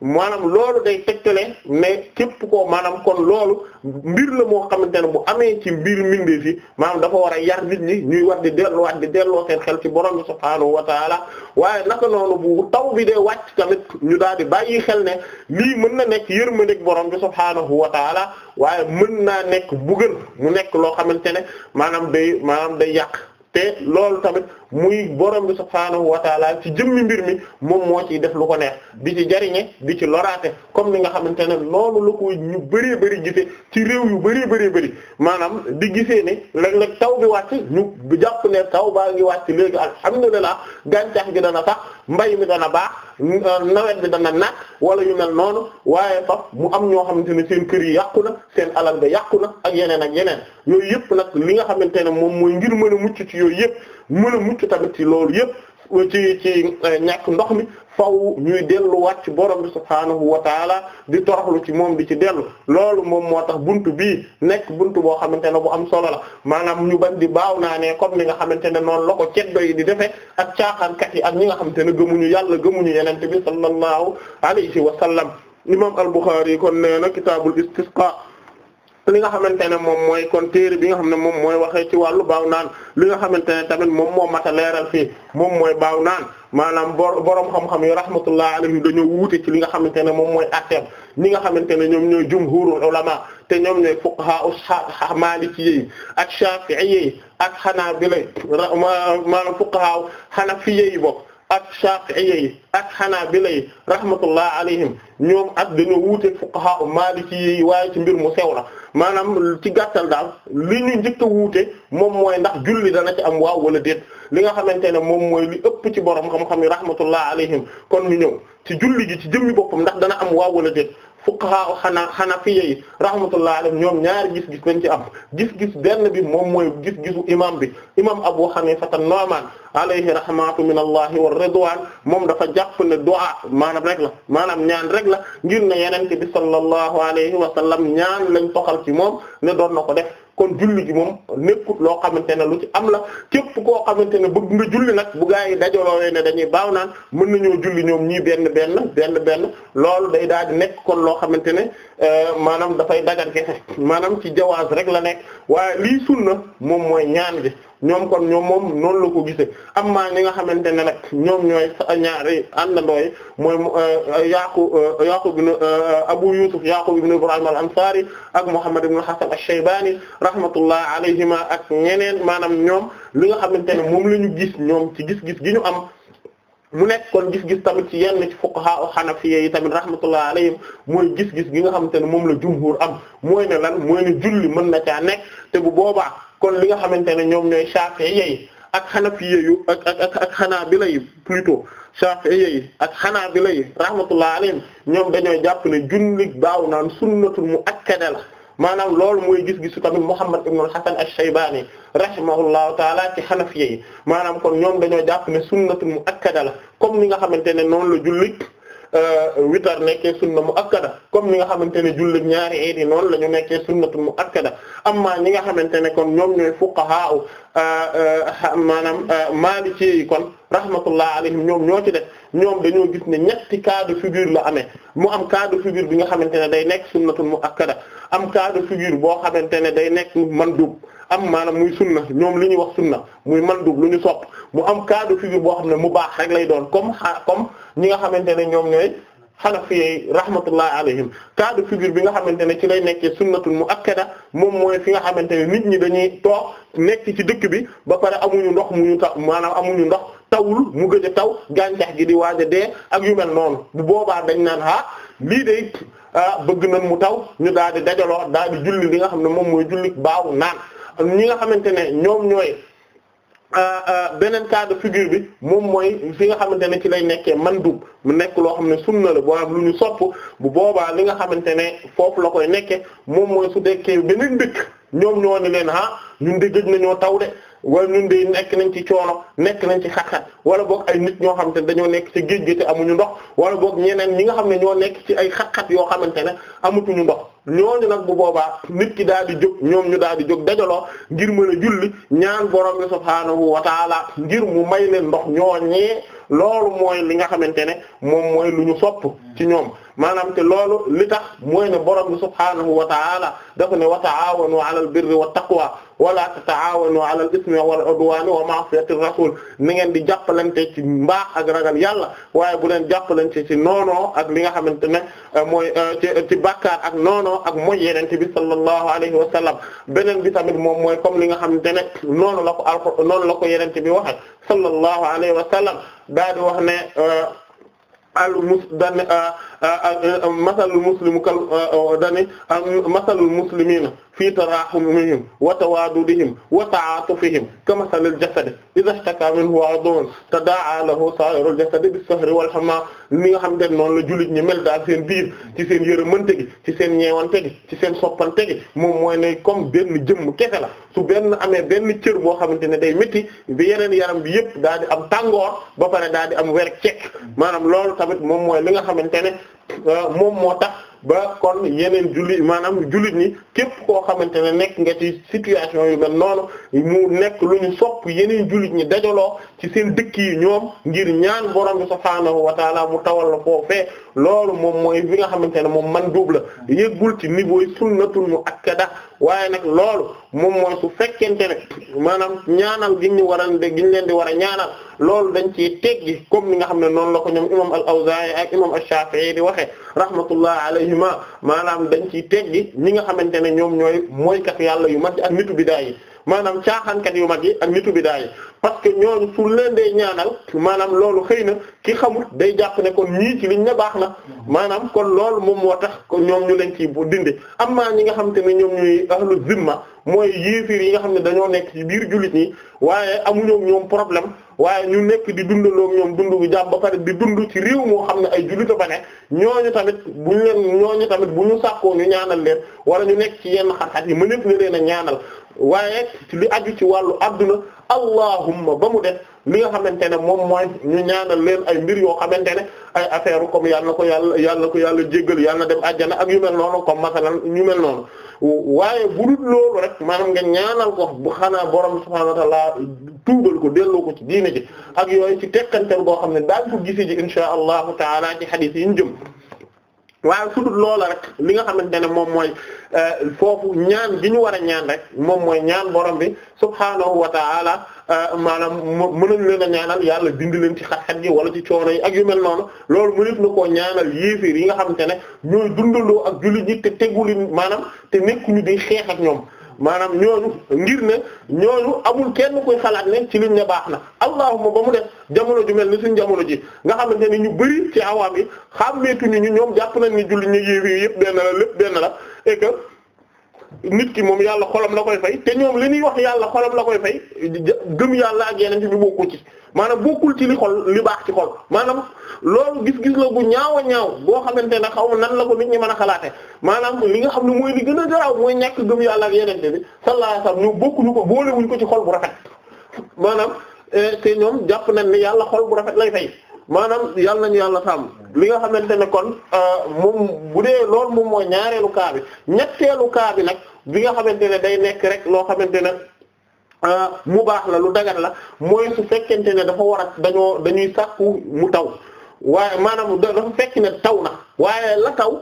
maanaam loolu day tegtale ne képp ko maanaam kon loolu mbir la moo xamante ne bu amee ci mbir mbindeef yi maanaam dafa war a yar nit ñi ñuy war di delluwaat di delloo seen xel ci borom bi subhaanahu wa taala waaye naka noonu bu taw bi dee wàcc tamit ñu daal di bàyyi xel ne lii mën na nekk yërmandeeg borom bi subhaanahu wa taala waaye mën naa nekk bu gën mu nekk loo xamante ne maanaam day maanaam day yàq te loolu tamit muy borom bi subhaanahu wa taala ci jëmmi mbir mi moom moo ciy def lu ko neex di ci jariñe di ci loraate comme li nga xamante ne loolu la ko ñu bëree bëri gisee ci réew yu bëree bëri bëri maanaam di gisee ne léeg-léeg taw bi wàcc ñu jàpp ne taw baa ngi wàcc léegi alhamdulillah gàncax gi dana sax mbay mi dana baax nawet bi dana naat wala yu mel noonu waaye faf mu am ñoo xamante ne seen kër yi yàqu na seen alal bi yàqu na ak yeneen ak yeneen yooyu yëpp nag li nga xamante ne moom mooy ngir mën a mucc ci yooyu yëpp mu a mucc tamit ci loolu yëpp ci ci euh, ñàkk ndox mi faw ñuy delluwaat ci borom bi subhaanahu wa taala di toroxlu ci moom di ci dellu loolu moom moo tax bunt bi nekk bunt boo xamante ne bu am solo la maanaam ñu ban di baaw naa ne comme ni nga xamante ne noonu la ko ceddo yi di defee a caaxaankat yi ak ñi nga xamante ne gëmuñu yàlla gëmuñu yenente bi sallallahu alayhi wa sallam imam al-Bukhari kon nee na kitaabul istisqa li nga xamante ne moom mooy kon téere bi nga xam ne moom mooy waxee ci wàllu baaw naan li nga xamante ne tamit moom moo mat a leeral fii moom mooy baaw naan maanaam borom xam-xam yi rahmatullah alayhim dañoo wuute ci li nga xamante ne moom mooy atteem ñi nga xamante ne ñoom ñooy jumhurul ulama te ñoom ñooy fuqaha us maliki yi ak shafi'i yi ak xanaabila maanaam fuqaha xanafi yi bokk ak Shaafi'iyya yi ak Hanaabila yi rahmatullah alayhim ñoom ak dañoo wuute fuqaha Maaliki ci waaye ci mbir mu sew la maanaam ci gàttal daal li ñu njëkk a wuute moom mooy ndax julli dana ci am waaw wala déet li nga xamante ne moom mooy li ëpp ci borom xam-xam yi rahmatullah alayhim kon ñu ñëw ci julli gi ci jëmmi boppam ndax dana am waaw wala déet fuqaha xanaa xanafiya yi rahmatullah alayhim ñoom ñaari gis-gis lañ ci am gis-gis benn bi moom mooy gis-gisu imam bi imam Abu Hanifa an-Nu'man alayhi rahmatu min allahi wa ridwan moom dafa jàpp ne du'a maanaam rek la maanaam ñaan rek la ngir ne yenente bi sallallahu alayhi wa sallam ñaan lañ toxal ci moom ne doon na ko def kon julli gi moom nekkut loo xamante ne lu ci am la képp koo xamante ne bëgg nga julli nag bu gaa yi dajaloo ne dañuy baaw naan mën nañoo julli ñoom ñii benn benn benn benn loolu day daal di nekk kon loo xamante ne euh, maanaam dafay dagan kese maanaam ci jawaaz rek la nekk waaye lii na moom mooy ñaan gi ñoom kon ñoom moom noonu la ko gisee amma ñi nga xamante ne nag ñoom ñooy ñaari àndandoo yi mooy euh, Yaqub euh, Yaqub ibn euh, Abu Yusuf Yaqub ibn Ibrahim al-Ansari ak Muhammad ibn Hasan ash-Shaybani rahmatullah alayhima ak ñeneen maanaam ñoom li nga xamante ne moom la ñu gis ñoom ci gis-gis gi ñu am. mu nekk kon gis-gis tamit ci yenn ci fuqaha hanafiyya yi tamit rahmatullah alayhim mooy gis-gis gi nga xamante ne moom la jumhur am mooy ne lan mooy ne julli mën na caa nekk te bu boobaa kon li nga xamante ne ñoom ñooy Shafi'iyya yi ak Hanafiyya yu ak ak ak ak Hanabila yi plutôt Shafi'iyya yi ak Hanabila yi rahmatullah alayhim ñoom dañoo jàpp ne julli baaw naan sunnatul muakkada la maanaam loolu mooy gis-gisu tamit Muhammad ibn al-Hasan ash-Shaybani rahimahullahu taala ci Hanafiyya yi maanaam kon ñoom dañoo jàpp ne sunnatul muakkada la comme ni nga xamante ne noonu la julli Euh, witar nekkee sunna mu akkada comme ni nga xamante ne jullit ñaari eid yi noonu la ñu nekkee sunnatu mu akkada amma ñi nga xamante ne kon ñoom ñooy fuqaha euh, euh, maanaam maliki yi kon rahmatullah alayhim ñoom ñoo ci def ñoom dañoo gis ne ñetti cas de figure la amee mu am cas de bi nga xamante ne day nekk sunnatul mu akkada am cas de figure boo xamante ne day nekk man mandub am maanaam muy sunna ñoom li ñuy wax sunna muy man mandub lu ñu sopp mu am cas de figure boo xam ne mu baax rek lay doon comme comme ñi nga xamante ne ñoom ñooy xanafiyey rahmatullahi alayhim cas de figure bi nga xamante ne ci lay nekkee sunnatul muakkada moom mooy fi nga xamante ne nit ñi dañuy toog nekk ci dëkk bi ba pare amuñu ndox mu ñu taw maanaam amuñu ndox tawul mu gëj taw gàncax gi di waaj a ak yu mel noonu boobaa dañ naan ah lii Ah, bëgg nañ mu taw ñu daal di dajaloo daal di julli li nga xam ne moom mooy julli baawu naan ñi nga xamante ne ñoom ñooy ah, ah, beneen cas de bi moom mooy fi nga xamante ne ci lay nekkee man mandub mu nekk loo xam ne sunna la boo am lu ñu sopp bu boobaa li nga xamante ne foofu la koy nekkee moom mooy su dekkee beneen dëkk ñoom ñoo ni leen ah ñun de gëj nañoo taw de. wala ñun de nekk nañ ci coono nekk nañ ci xat-xat wala boog ay nit ñoo xamante ne dañoo nekk ci géej gi te amuñu ndox wala boog ñeneen ñi nga xam ne ñoo nekk ci ay xat-xat yoo xamante ne amatuñu ndox ñooñu nag bu boobaa nit ki daal di jóg ñoom ñu daal di jóg dajaloo ngir mën a ñaan borom bi subhaanahu wa taala ngir mu may leen ndox ñooñee loolu mooy li nga xamante ne moom mooy lu ñu sopp ci ñoom maanaam te loolu li tax mooy ne borom bi subhaanahu wa taala dafa ne wa taawanu alal birri wa taqwa wala tataawanu ala al ismi wal udwani wa ma'siyati rasul na ngeen di jàppalante ci mbaax ak ragal yàlla waaye bu leen jàppalante ci noonoo ak li nga xamante ne euh, mooy euh, ci ci ak noonoo ak mooy yenente bi sallallahu alayhi wa sallam beneen bi tamit moom mooy comme li nga xamante ne noonu la ko alko noonu la ko yenente bi waxe sallallahu alayhi wa sallam daa di wax ne euh, masalul muslimu kal dani masalul muslimina fii tarahumihim wa tawaadudihim wa ta'aatufihim kamasalil jasadi idha ishtaka minhu 'udwun tadaa'a lahu saa'irul jasadi bis-sahri wal hamaa ni nga xam ne noonu la jullit ñi mel daal seen biir ci seen yërëmante gi ci seen ñeewante gi ci seen soppante gi moom mooy ne comme benn jëmm kese la su benn amee benn cër boo xamante ne day métti bi yeneen yaram bi yëpp daal di am tàngoor ba pare daal di am werek cek maanaam loolu tamit moom mooy li nga xamante ne Euh, moom moo tax ba kon yeneen jullit maanaam julit ñi képp koo xamante ne nekk nga ci situation yu nga noonu mu nekk lu ñu sopp yeneen julit ñi dajaloo ci seen dëkk yi ñoom ngir ñaan borom bi subhaanahu wa mu tawal la foofee loolu moom mooy bi nga xamante ne moom mandub la yëggul ci niveau yi sunnatul muakkada waaye nag loolu moom mooy su fekkente ne maanaam ñaanal gi ñu war a gi ñu leen di war ñaanal loolu dañ ci teggi comme ni nga xam ne noonu la ko ñoom imam al-Awzaa'i ak imam ash-Shaafi'i di waxe rahmatullah alayhima maanaam dañ ciy teggi ni nga xamante ne ñoom ñooy mooykat yàlla yu mag ak nitu bidaa yi maanaam caaxaankat yu mag yi ak nitu bidaa parce que ñooñu su leen dee ñaanal maanaam loolu xëy na ki xamul day jàpp ne kon ñii ci liñ ne baax na maanaam kon lool moom moo tax ñoom ñu leen ci bu dindi am na ñi nga xam ne ñoom ñuy ahlu zimma mooy yéefir yi nga xam ne dañoo nekk ci biir jullit ñi waaye amuñu ñoom problème waaye ñu nekk di dundaloo ñoom dund bu jàmm ba pare di dund ci réew moo xam ne ay jullit ba ne ñooñu tamit bu ñu leen ñooñu tamit bu ñu sàkkoo ñu ñaanal leen wala ñu nekk ci yenn xar yi mëneef na leen a ñaanal waaye li aju ci wàllu adduna allahumma ba mu def li nga xamante ne moom mooy ñu ñaanal leen ay mbir yoo xamante ne ay affaire comme yàlla na ko yàlla yàlla na ko yàlla jéggal yàlla na dem àjjana ak yu mel noonu comme masalan ñu mel noonu waaye bu dul loolu rek maanaam nga ñaanal ko bu xanaa borom subhaanahu wa ta'aala tuubal ko delloo ko ci diina ji ak yooyu ci tekkantel boo xam ne daal ko gisi ji inshaa allahu taala ci hadith yi ñu jëm waaye su dul loola rek li nga xamante ne moom mooy euh, foofu ñaan bi ñu war a ñaan rek moom mooy ñaan borom bi subhaanahu wa ta'ala euh, maanaam mënuñ leen a ñaanal yàlla dindi leen ci xat-xat yi wala ci coono yi ak yu mel loolu mënut na koo ñaanal yéefir yi nga xamante ne ñooy dundaloo ak jullit ñi te teguli maanaam te nekkuñu di xeex ak ñoom maanaam ñooñu ngir ne ñooñu amul kenn koy xalaat ne ci liñ ne baax na allahuma ba mu def jamono ju mel ni suñ jamono ji nga xamante ni ñu bari ci awaam yi xàmmeetuñu ñu ñoom jàpp nañ ni julli ñu yéefi yëpp benn la lépp benn la et nit ki moom yàlla xolam la koy fay te ñoom li ñuy wax yàlla xolam la koy fay gëm yàlla ak yeneen ci bi bokkul ci maanaam bokkul ci li xol li baax ci xol maanaam loolu gis-gis la bu ñaaw a ñaaw boo xamante ne xaw ma nan la ko nit ñi mën a xalaate maanaam li nga xam ne mooy li gën a daraw mooy ñàkk gëm yàlla ak yeneen bi sallallahu alayhi wasallam ñu bokkuñu ko boolewuñ ko ci xol bu rafet maanaam eh, te ñoom jàpp nañ ni yàlla xol bu rafet lay fay maanaam yàlla nañu yàlla sàmm li nga xamante ne kon eh, moom bu dee loolu moom mooy ñaareelu kaa bi bi nag bi nga xamante ne day nekk rek loo xamante ne eh, mu baax la lu dagat la mooy su fekkente ne dafa war a dañoo dañuy sàkku mu taw waaye maanaam dafa fekk ne taw na waaye la taw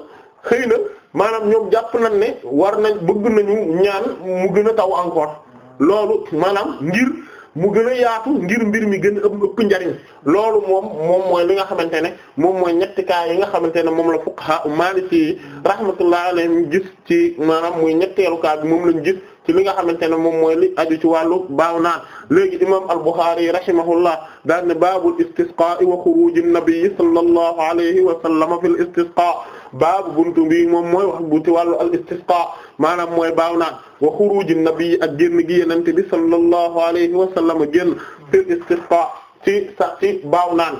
xëy na maanaam ñoom jàpp nañ ne war nañ bëgg nañu ñaan mu gën a taw encore loolu maanaam ngir mu gën a yaatu ngir mbir mi gën a ëpp njariñ loolu moom moom mooy li nga xamante ne moom mooy ñetti kaa yi nga xamante ne moom la fuqaha Maliki rahmatullahi alayhim gis ci maanaam muy ñetteelu kaa bi moom lañ gis ci li nga xamante ne moom mooy li aju ci wàllu baaw naan léegi imam al-Bukhari rahimahullah daal ne baabul istisqaa wa xuruji nabi sallallahu alayhi wa sallam fil istisqaa baabu buntu bi moom mooy wax bu ci wàllu al istisqa maanaam mooy baaw naan wa xuruji nabi ak génn gi yenente bi sallallahu alayhi wa sallam génn fil istisqa ci sax ci baaw naan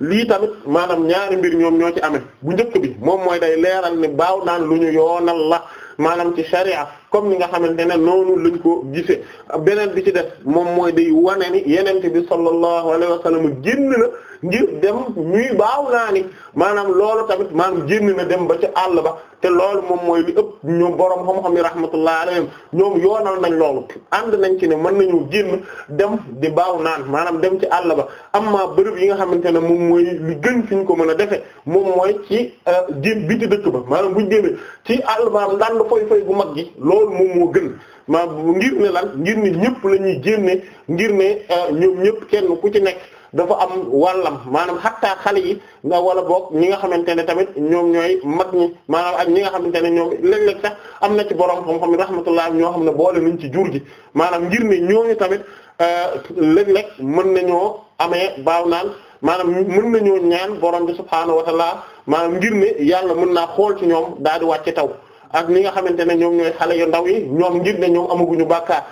lii tamit maanaam ñaari mbir ñoom ñoo ci amee bu njëkk bi moom mooy day leeral ne baaw naan lu ñu yoonal la maanaam ci sharia comme ni nga xamante ne noonu lañ ko gisee beneen bi ci def moom mooy day wane ni yenente bi sallallahu alayhi wa sallam génn na ngir dem muy baaw naa ni maanaam loolu tamit maanaam génn na dem ba ci àll ba te loolu moom mooy li ëpp ñoom boroom xam-xam yi rahmatullahi alayhim ñoom yoonal nañ loolu ànd nañ ci ne mën nañu génn dem di baaw naan maanaam dem ci àll ba am ma bërëb yi nga xamante ne moom mooy li gën fi ñu ko mën a defe moom mooy ci euh, génn bi ci dëkk ba maanaam buñ génne ci àll ba ndand foy foy bu mag gi loolu moom moo gën maa ngir ne lan ñëpp la ñuy génne ngir ne euh, ñoom ñëpp kenn ku ci nekk dafa am wàllam maanaam xattaa xale yi nga wala boog ñi nga xamante ne tamit ñoom ñooy mag ñi maanaam ak ñi nga xamante ne ñoom léeg-léeg am na ci borom xam-xam rahmatullah ñoo xam ne boole nañ ci jur gi maanaam ngir ne ñooñu tamit euh, léeg-léeg mën nañoo amee baaw naan maanaam mën nañoo ñaan borom bi subhaanahu wa ta'ala maanaam ngir ne yàlla mën naa xool ci ñoom daal di wàcce taw ak li nga xamante ne ñoom ñooy xale yu ndaw yi ñoom ngir ne ñoom amaguñu bàkkaar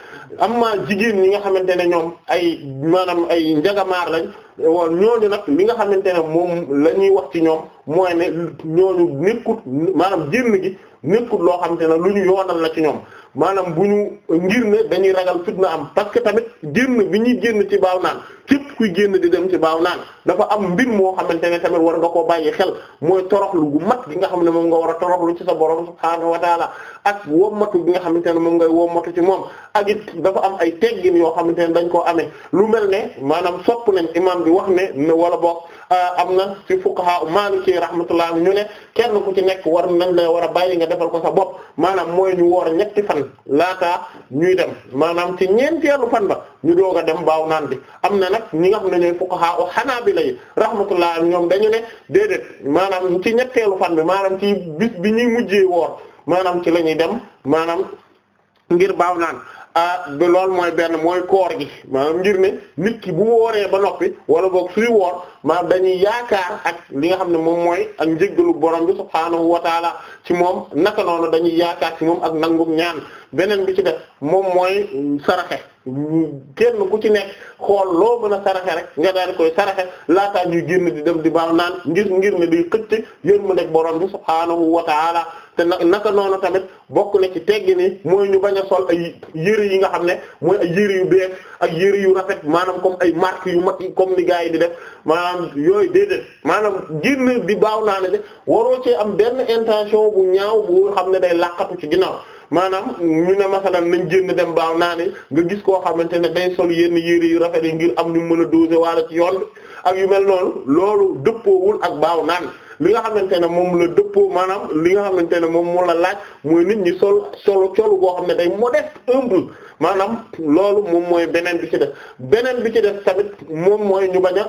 am na jigéen ñi nga xamante ne ñoom ay maanaam ay njagamaar lañ waaw ñooñu nag li nga xamante ne moom la ñuy wax ci ñoom mooy ne ñooñu nekkut maanaam jënn gi nekkut loo xamante ne lu ñu yoonal la ci ñoom maanaam bu ñu ngir ne dañuy ragal fitna am parce que tamit génn bi ñuy génn ci baaw naan képp kuy génn di dem ci baaw naan dafa am mbir moo xamante ne tamit war nga koo bàyyi xel mooy toroxlu gu mat gi nga xam ne moom nga war a toroxlu ci sa borom subhaanahu wa ak wommatu bi nga xamante ne moom ngay wommatu ci moom ak dafa am ay teggin yoo xamante ne dañ koo amee lu mel ne maanaam sopp nañ imam bi wax ne wala boog euh, am na ci fuqaha maliki rahmatullah ñu ne kenn ku ci nekk war nañ lay war a bàyyi nga defal ko sa bopp maanaam mooy ñu woor ñetti fan laataa ñuy dem maanaam ci ñeenteelu fan ba ñu doog a dem baaw naan bi am na nag ñi nga xam ne ñooy fuqaha o hanabila yi rahmatullah ñoom dañu ne déedéet maanaam ci ñetteelu fan bi maanaam ci bis bi ñuy mujjee woor maanaam ci la dem maanaam ngir baaw naan a ah, bi loolu mooy benn mooy koor gi maanaam ngir ne nit ki bu wooree ba noppi wala boog suy woor ma dañuy yaakaar ak li nga xam ne moom mooy ak njéggalu borom bi subhaanahu wa taala ci moom naka noonu dañuy yaakaar ci moom ak nangum ñaan beneen bi ci def moom mooy saraxe kenn ku ci nekk xool loo mën a saraxe rek nga daal koy saraxe laataa yu génn di dem di baax naan ngir ngir ne di xëcc yërmandeeg borom bi subhaanahu wa taala te naka noonu tamit bokk na ci teggi ni mooy ñu bañ a sol ay yëre yi nga xam ne mooy ay yëre yu bees ak yëre yu rafet maanaam comme ay marques yu mag yi comme ni gars yi di def maanaam yooyu déedéet maanaam génn di baaw naa ne de waroo cee am benn intention bu ñaaw bu xam ne day laqatu ci ginnaaw maanaam ñu ne masalan nañ génn dem baaw naa ne nga gis koo xamante ne day sol yenn yére yu rafet yu ngir am ñu mën a doser waala ci yoon ak yu mel noonu loolu dëppoowul ak baaw naan li nga xamante ne moom la dëppoo maanaam li nga xamante ne moom moo la laaj mooy nit ñi sol solo colu boo xam ne day modeste humble maanaam loolu moom mooy beneen bi ci def beneen bi ci def tamit moom mooy ñu bañ a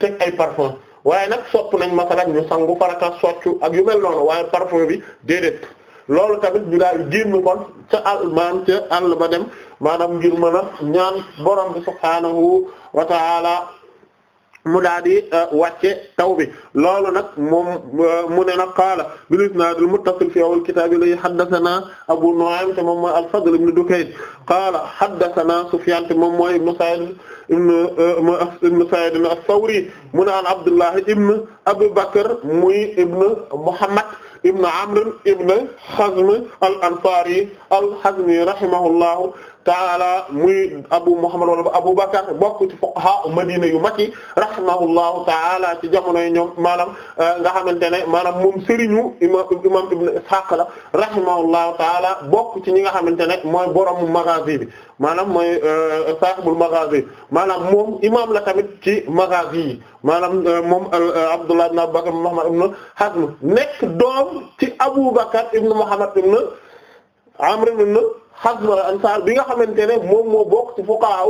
teg ay parfum waaye nag sopp nañ masalan ñu sangu farata ak yu mel noonu waaye parfum bi déedéet loolu tamit ñu daal génn kon ca àll maanaam ca àll dem maanaam ngir mën a ñaan borom bi subhaanahu wa ta'ala mu daal di euh, wàcce taw bi nag moom euh, mu ne nag qaala bil isnaad al muttasil fi awwal kitaab li haddasanaa Abu Nu'aym te moom mooy al-Fadl ibn Dukayn qaala haddasanaa Sufyaan te moom mooy ibn Sa'iid ibn euh, Sa'iid as mu ne Abdullah ibn Abi Bakr muy ibn Muhammad ibn Amr ibn Hazm al-Ansari al-Hazmi rahimahullahu taala muy Abu Muhammad wala Abu Bakr bokk ci fuqaha Madina yu mag yi rahimahullahu taala ci jamonoy ñoom maanaam euh, nga xamante ne maanaam moom sëriñu imam imam ibn Ishaq la rahimahullahu taala bokk ci ñi nga xamante ne mooy boromu magazi bi maanaam mooy euh, sahibul maghazi maanaam moom imaam la tamit ci maghazi yi maanaam euh, moom euh, Abdullah ibn Abu Bakr ibn Muhammad ibn Hazm nekk doom ci Abu Bakr ibn Muhammad ibn Amr ibn Hazm al-Ansari bi nga xamante ne moom moo bokk ci fuqaha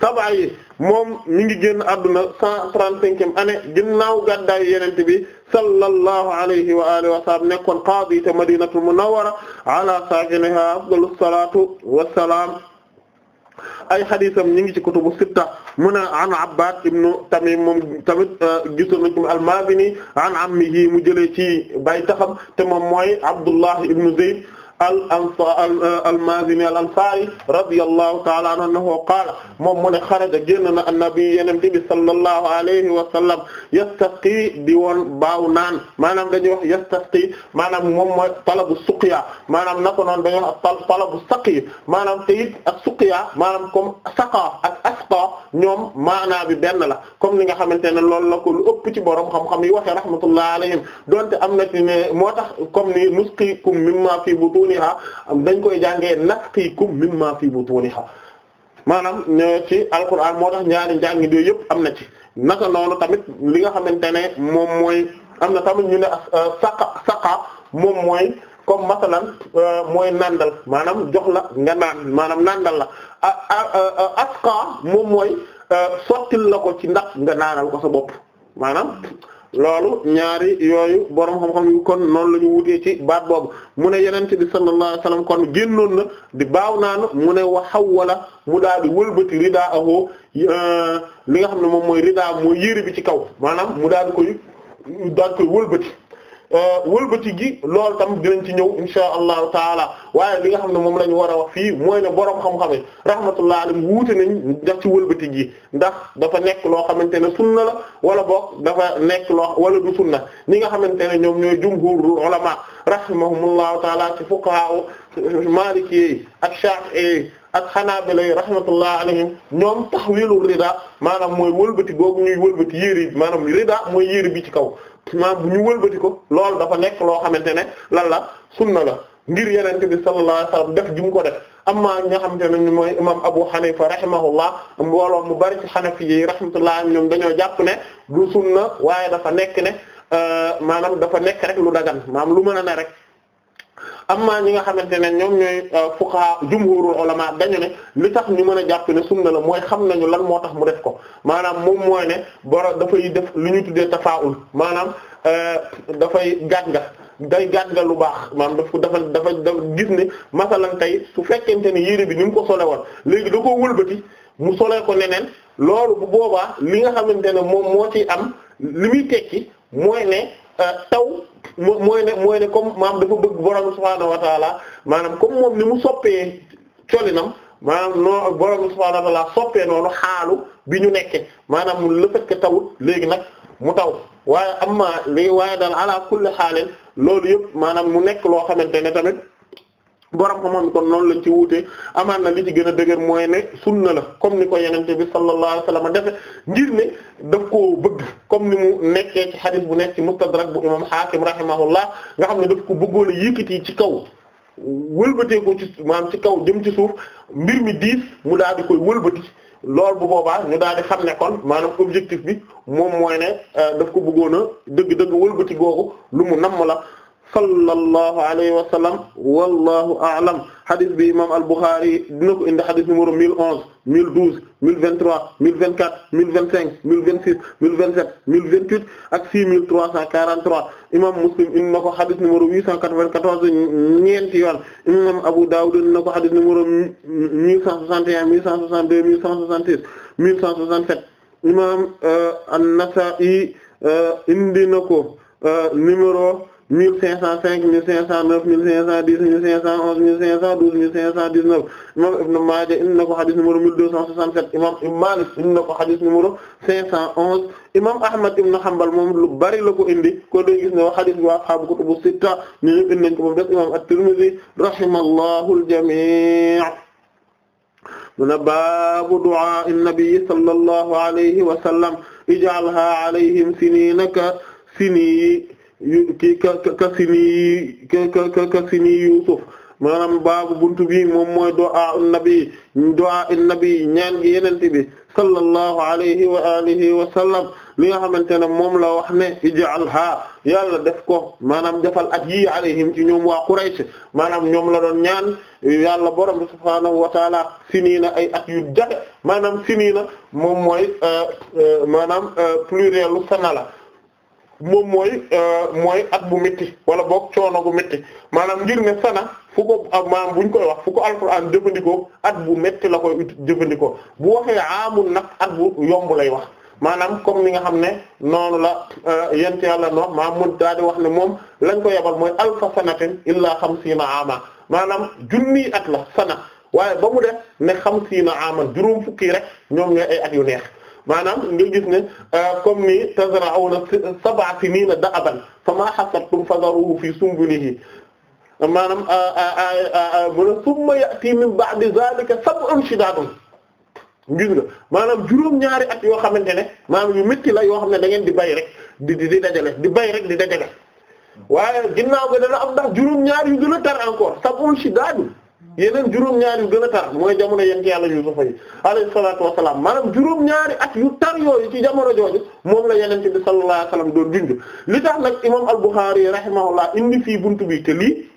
sab'a yi moom mi ngi génn adduna cent trente-cinquième année ginnaaw gàddaayu yenente bi sallallahu alayhi wa alihi wa sallam nekkoon qaadi te madinatul munawwara ala saakiniha afdalus salatu wassalam ay xadisam ñi ngi ci kutubu sitta mu ne an Abbad ibn Tamim moom tamit euh, gisoon nañ ko al-Mazini an ammihi mu jëlee ci bay taxam te moom mooy Abdullah ibn Zayd al ansa al mazini euh, al ansari radiyallahu ta'ala anhu qaala moom mu ne xaraja génn na annabi yeneen bi sallallahu alayhi wa sallam yastasqi di woon baaw naan maanaam dañuy wax yastasqi maanaam moom mooy talabu suqya maanaam naka noonu dañuy wax ak talabu saqi maanaam te ak suqya maanaam comme saqa ak asqa ñoom maanaa bi benn la comme ni nga xamante ne loolu la ko lu ëpp ci borom xam-xam yi waxee rahmatullahi alayhim donte am na ci ne moo tax comme ni nusqikum mimma fi butun batuniha am dañ koy jàngee nasqikum mimma fi butuniha maanaam ci alquran moo tax ñaari njàngi yooyu yëpp am na ci naka noonu tamit li nga xamante ne moom mooy am na tamit ñu ne euh, saqa saqa moom mooy comme masalan euh, mooy nandal maanaam jox la nga naan maanaam nandal la asqa moom mooy euh, sottil la ko ci ndax nga naanal ko sa bopp loolu ñaari yooyu borom xam-xam yu kon noonu la ñu wutee ci baat boobu mune ne yenente bi sallallahu alayhi wasallam kon génnoon na di baaw naanu mu ne waxaw wala mu daal di wëlbati rida ahoo euh, li nga xam ne moom mooy ridaa mooy yére bi ci kaw maanaam mu daal di koy daal koy wëlbati Euh, walbati gi loolu tam dinañ ci ñëw insha allahu taala waaye li nga xam ne moom la ñu war a wax fii mooy ne boroom xam-xame rahmatullah alayhi wuute nañ ndax ci wëlbati gi ndax dafa nekk loo xamante ne sunna la wala boog dafa nekk loo wala du sunna ni nga xamante ne ñoom ñooy jumhurul ulama rahimahumullahu taala ci fuqaha maliki ak shafi'i ak xanaabila yi rahmatullah alayhim ñoom taxwilu rida maanaam mooy wëlbati googu ñuy wëlbati yéri maanaam rida mooy yéri bi ci kaw maam bu ñu wëlbati ko loolu dafa nekk loo xamante ne lan la sunna la ngir yeneen te bi sallallahu alayhi wasallam def ji ko def amma ñi nga xamante ne mooy imam Abu Hanifa rahimahullah mbooloo mu bari ci xanafi yi rahmatullah ñoom dañoo jàpp ne du sunna waaye dafa nekk ne euh, maanaam dafa nekk rek lu dagan maanaam lu mën a ne rek amma ñi nga xamante ne ñoom ñooy euh, fuqaha jumhurul ulama dañu ne li tax ñu mën a jàpp ne sunna la mooy xam nañu lan moo tax mu def ko maanaam moom mooy ne boro dafay def lu ñu tuddee tafaawul maanaam euh, dafay gàt nga day gàt nga lu baax maanaam daf dafa dafa dafa gis ne masalan tey su fekkente ne yére bi ni mu ko sole woon léegi da ko wëlbati mu solee ko neneen loolu bu boobaa li nga xamante ne moom moo ci am li muy tekki mooy ne taw mooy ne mooy ne comme maam dafa bëgg borom subhaanahu wa maanaam comme moom ni mu soppee colinam maanaam noo borom subhaanahu wa taala soppee noonu xaalu bi ñu nekkee maanaam le fait que tawut léegi nag mu taw waaye am ma li waaye daal ala kulli xaalin loolu yëpp maanaam mu nekk loo xamante ne tamit borom xamoon kon noonu lañ ci wuute amaan na li ci gën a dëgër mooy ne sunna la comme ni ko yenente bi sallallahu alayhi wasallam defe ngir ne daf koo bëgg comme ni mu nekkee ci xadis bu nekk ci mustadrak bu imam Hakim rahimahullah nga xam ne daf ko bëggoon a yëkkati ci kaw wëlbatee ko ci maam ci kaw jëm ci suuf mbir mi diis mu daal di koy wëlbati lool bu boobaa ñu daal di xam ne kon maanaam objectif bi moom mooy ne euh, daf ko bëggoon a dëgg-dëgg wëlbati googu lu mu namm la sallallahu alayhi wa sallam wallahu a'lam hadith bi imam al-Bukhari dina ko indi hadith numéro 1011 1012 1023 1024 1025 1026 1027 1028 ak 6343 imam Muslim indi na ko hadith numéro 894 ñeenti yoon imam Abu Dawud indi na ko hadith numéro 1161 1162 1166 1167 imam euh, An-Nasa'i euh, indi na ko euh, numéro mille cinq cent cinq mille cinq cent neuf mille cinq cent dix mille cinq cent onze mille cinq cent douze mille cinq cent dix-neuf imam Ibn Maaja indi na ko xadis numéro mille deux cent soixante-sept imam Maalik indi na ko xadis numéro cinq cent onze imam Ahmad ibn Hanbal moom lu bari la ko indi ko doy gis ne wa xadis wa ashaabu kutubu sitta ñu ñëpp indi nañ ko moom des imam At-Tirmidhi rahimallahu al-jamii' mu ne baabu du'aa an-nabi sallallahu alayhi wa sallam ij'alhaa alayhim siniinaka sinii kii ka ka sini ka ka sini Yuusuf maanaam baabu bunt bi moom mooy du'a an-nabi du'a an-nabi ñaan yenen yenente bi sallallahu alayhi wa sallam li nga xamante ne moom la wax ne ij'alha yàlla def ko maanaam defal at yi alayhim ci ñoom waa Quraysh maanaam ñoom la doon ñaan yàlla borom subhaanahu wa taala siniina ay at yu jafe maanaam siniina moom mooy euh, euh, maanaam euh, plurielu sana la moom mooy euh, mooy at bu métti wala boog coono gu métti maanaam ngir ne sana fu ko ah, maanaam buñ koy wax fu ko alxuraan jëfandikoo at bu métti la koy jëfandikoo bu waxee aamul nag at bu yomb lay wax maanaam comme ni nga xam ne noonu la euh, yent yàlla no maa mun daa wax ne moom lañ ko yebal mooy alfa sanatin illaa xamsiina ama maanaam junniy at la sana waaye ba mu def ne xamsiina aman juróom fukki rek ñoom ñooy ay at yu neex maanaam nga gis ne euh, comme ni tazra'una sab'a sinina da'aban fama hasabtum fadharuhu fi sunbulihi maanaam euh, euh, mu ne summa ya'ti min ba'di zalika sab'un shidadun gis nga maanaam juróom-ñaari at yoo xamante ne maanaam yu métti la yoo xam ne da ngeen di bay rek di di dajale di bay rek di dajale waaye ginnaaw ga dana am ndax juróom-ñaari yu gën a tar encore sab'un shidadun yeneen juróom-ñaari yu gën a tar mooy jamono yent yàlla Yuusufa yi alayhi salaatu wa salaam maanaam juróom-ñaari at yu tar yooyu ci jamono jooju moom la yeneen bi sallallahu alayhi wa sallam doon junj li tax nag imaam al-Bukhari rahimahullah indi fii buntu bi te lii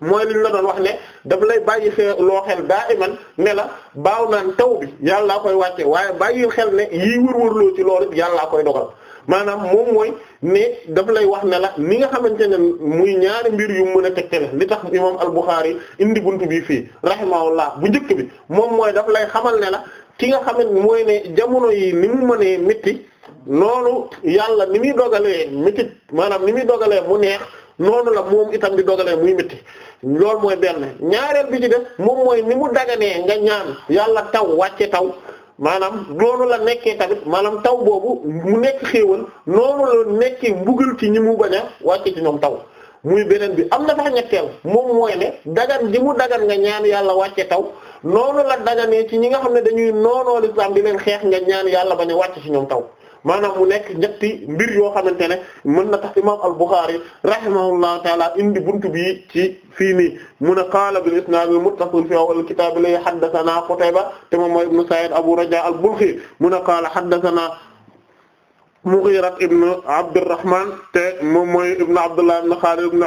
mooy liñ la doon wax ne daf lay bàyyi xel loo xel daa iman ne la baaw naan taw bi yàllaa koy wàcce waaye bàyyi xel ne yii wër-wër loo ci loolu yàllaa koy dogal. maanaam moom mooy ne daf lay wax ne la ni nga xamante ne muy ñaari mbir yu mën a tegtale li tax imam al-Bukhari indi bunt bi fii rahimahullah bu njëkk bi moom mooy daf lay xamal ne la ki nga xamant mooy ne jamono yi ni mu mënee métti noonu yàlla ni muy dogale métti maanaam ni muy dogalee mu neex noonu la moom itam di dogalee muy métti loolu mooy benn ñaareel bi ci def moom mooy ni mu daganee nga ñaan yàlla taw wàcce taw maanaam loolu la nekkee tamit maanaam taw boobu mu nekk xéewal noonu la nekkee mbugal ci ñi mu bañ a wàcce ci ñoom taw muy beneen bi am na sax ñetteel moom mooy ne dagan di mu dagan nga ñaan yàlla wàcce taw noonu la daganee ci ñi nga xam ne dañuy noonoo lislaam di leen xeex nga ñaan yàlla bañ a wàcc ci ñoom taw maanaam mu nekk ñetti mbir yoo xamante ne mën na tax imam al-Bukhari rahimahullahu taala indi buntu bi ci fii nii mun a qaala bil isnaad al muttasil fi awwal kitaab li haddathana Qutayba te moom mooy ibnu Sa'id Abu Raja al-Balkhi mun a qaala haddathana ibn Abdurrahman moom mooy ibn Abdullah ibn Khalid ibn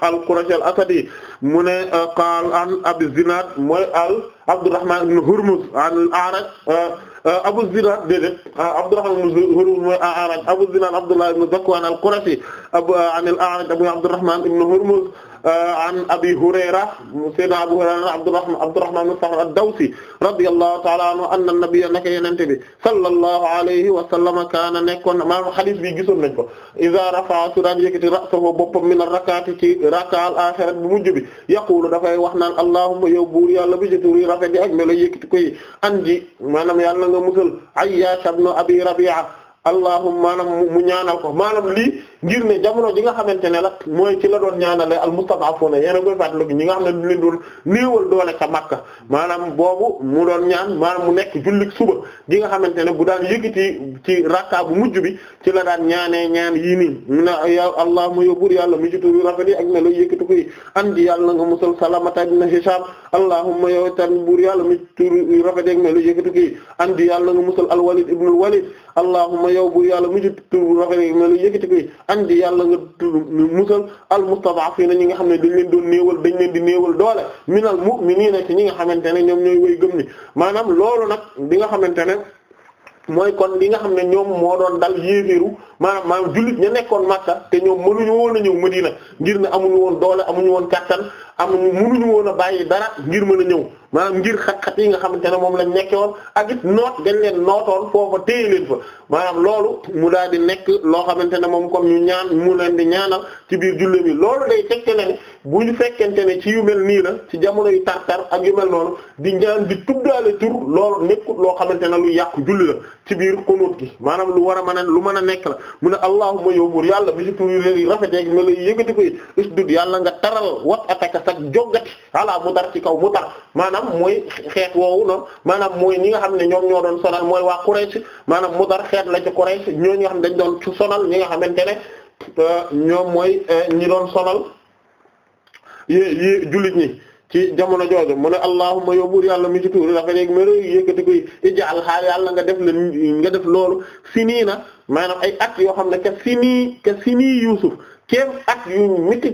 al-Qurashi al-Asadi mu ne uh, an Abi Zinad mooy al Abdurrahman ibn Hurmuz an araj uh, Euh, Abu Zinad déedéet euh, Abdurrahman ibn Zuhayr mooy A'raj Abu Zinad Abdullah ibn Zakwan al-Qurashi Abu euh, an al-A'raj Abu Abdurrahman ibn Hurmuz Euh, an Abi Hurayra sayyidina Abu Hurayra Abdurrahman Abdurrahman ibn Saxr ad-Dawsi radiyallahu ta'ala anhu anna an-nabiyya naka yonent bi sallallahu alayhi wa sallam kaana nekkoon maanaam xadis bi gisoon nañ ko iza rafa'a su daan yëkkati ra'sahu boppam min ar-rak'ati ci rak'a al-akhira bu mujj bi yaqulu dafay wax naan allahumma yow buur yàlla bi jëturi rafet yi ak melo yëkkati koy anji maanaam yàlla nga musal Ayyaash ibn Abi Rabi'a allahumma maanaam mu ñaanal ko maanaam lii ngir ne jamono ji nga xamante ne la mooy ci la doon ñaanale al mustad'afuna yéena koy fàttaliku ñi nga xam ne ñu leen doon néewal doole ca Makka maanaam boobu mu doon ñaan maanaam mu nekk jullik suba gi nga xamante ne bu daan yëkkati ci rakka bu mujj bi ci la daan ñaanee ñaan yii nii mu ne ya allahumma yo buur yàlla mu jitu rafet yi ak melo yëkkati koy andi yàlla nga musal salamata dina hisab allahumma yow tan buur yàlla mu jitu rafet yi ak melo yëkkati koy andi yàlla nga musal al walid ibn al walid allahumma yow buur yàlla mu jitu rafet yi ak melo yëkkati andi yàlla nga musal almustad'afina ñi nga xam ne dañ leen doon néewal dañ leen di néewal doole minal mu'minina ci ñi nga xamante ne ñoom ñooy way gëm ni maanaam loolu nag di nga xamante ne mooy kon li nga xam ne ñoom moo doon dal yéeféeru maanaam maanaam jullit ñu nekkoon Makka te ñoom mënuñu woon a ñëw Madina ngir ne amuñu woon doole amuñu woon ñu amuñu mënuñu woon a bàyyi dara ngir mën a ñëw maanaam ngir xat-xat yi nga xamante ne moom lañ nekke woon ak it noot dañ leen nootoon foofa téye leen fa maanaam loolu mu daal di nekk loo xamante ne moom ko ñu ñaan mu leen di ñaanal ci biir julli mi loolu day tegte ne bu ñu fekkente ne ci yu mel nii la ci jamono yu tartar ak yu mel noonu di ñaan di tuddaale tur loolu nekkut loo xamante ne lu yàqu julli la ci biir qunut gi maanaam lu war a mën a lu mën a nekk la mu ne allahumma yowbuur yàlla bi ci tur yu rafetee ma lay yëgati koy usdud yàlla nga taral wat ataka sax jogati ala mu dar ci kaw mu tar maanaam mooy xeet woowu noonu maanaam mooy ñi nga xam ne ñoom ñoo doon sonal mooy waa Quraysh maanaam mu dar xeet la ci Quraysh ñoo ñi nga xam dañ doon sonal ñi nga xamante ne euh, ñoom mooy euh, ñi doon sonal yi jullit ñi ci jamono jooju mu ne allahumma yow buur yàlla mi ci tuuri dafa léegi mara yëkkati koy ijaal xaal yàlla nga def leen nga def loolu si nii na maanaam ay at yoo xam ne ka si nii ka si nii yuusuf kéem at yu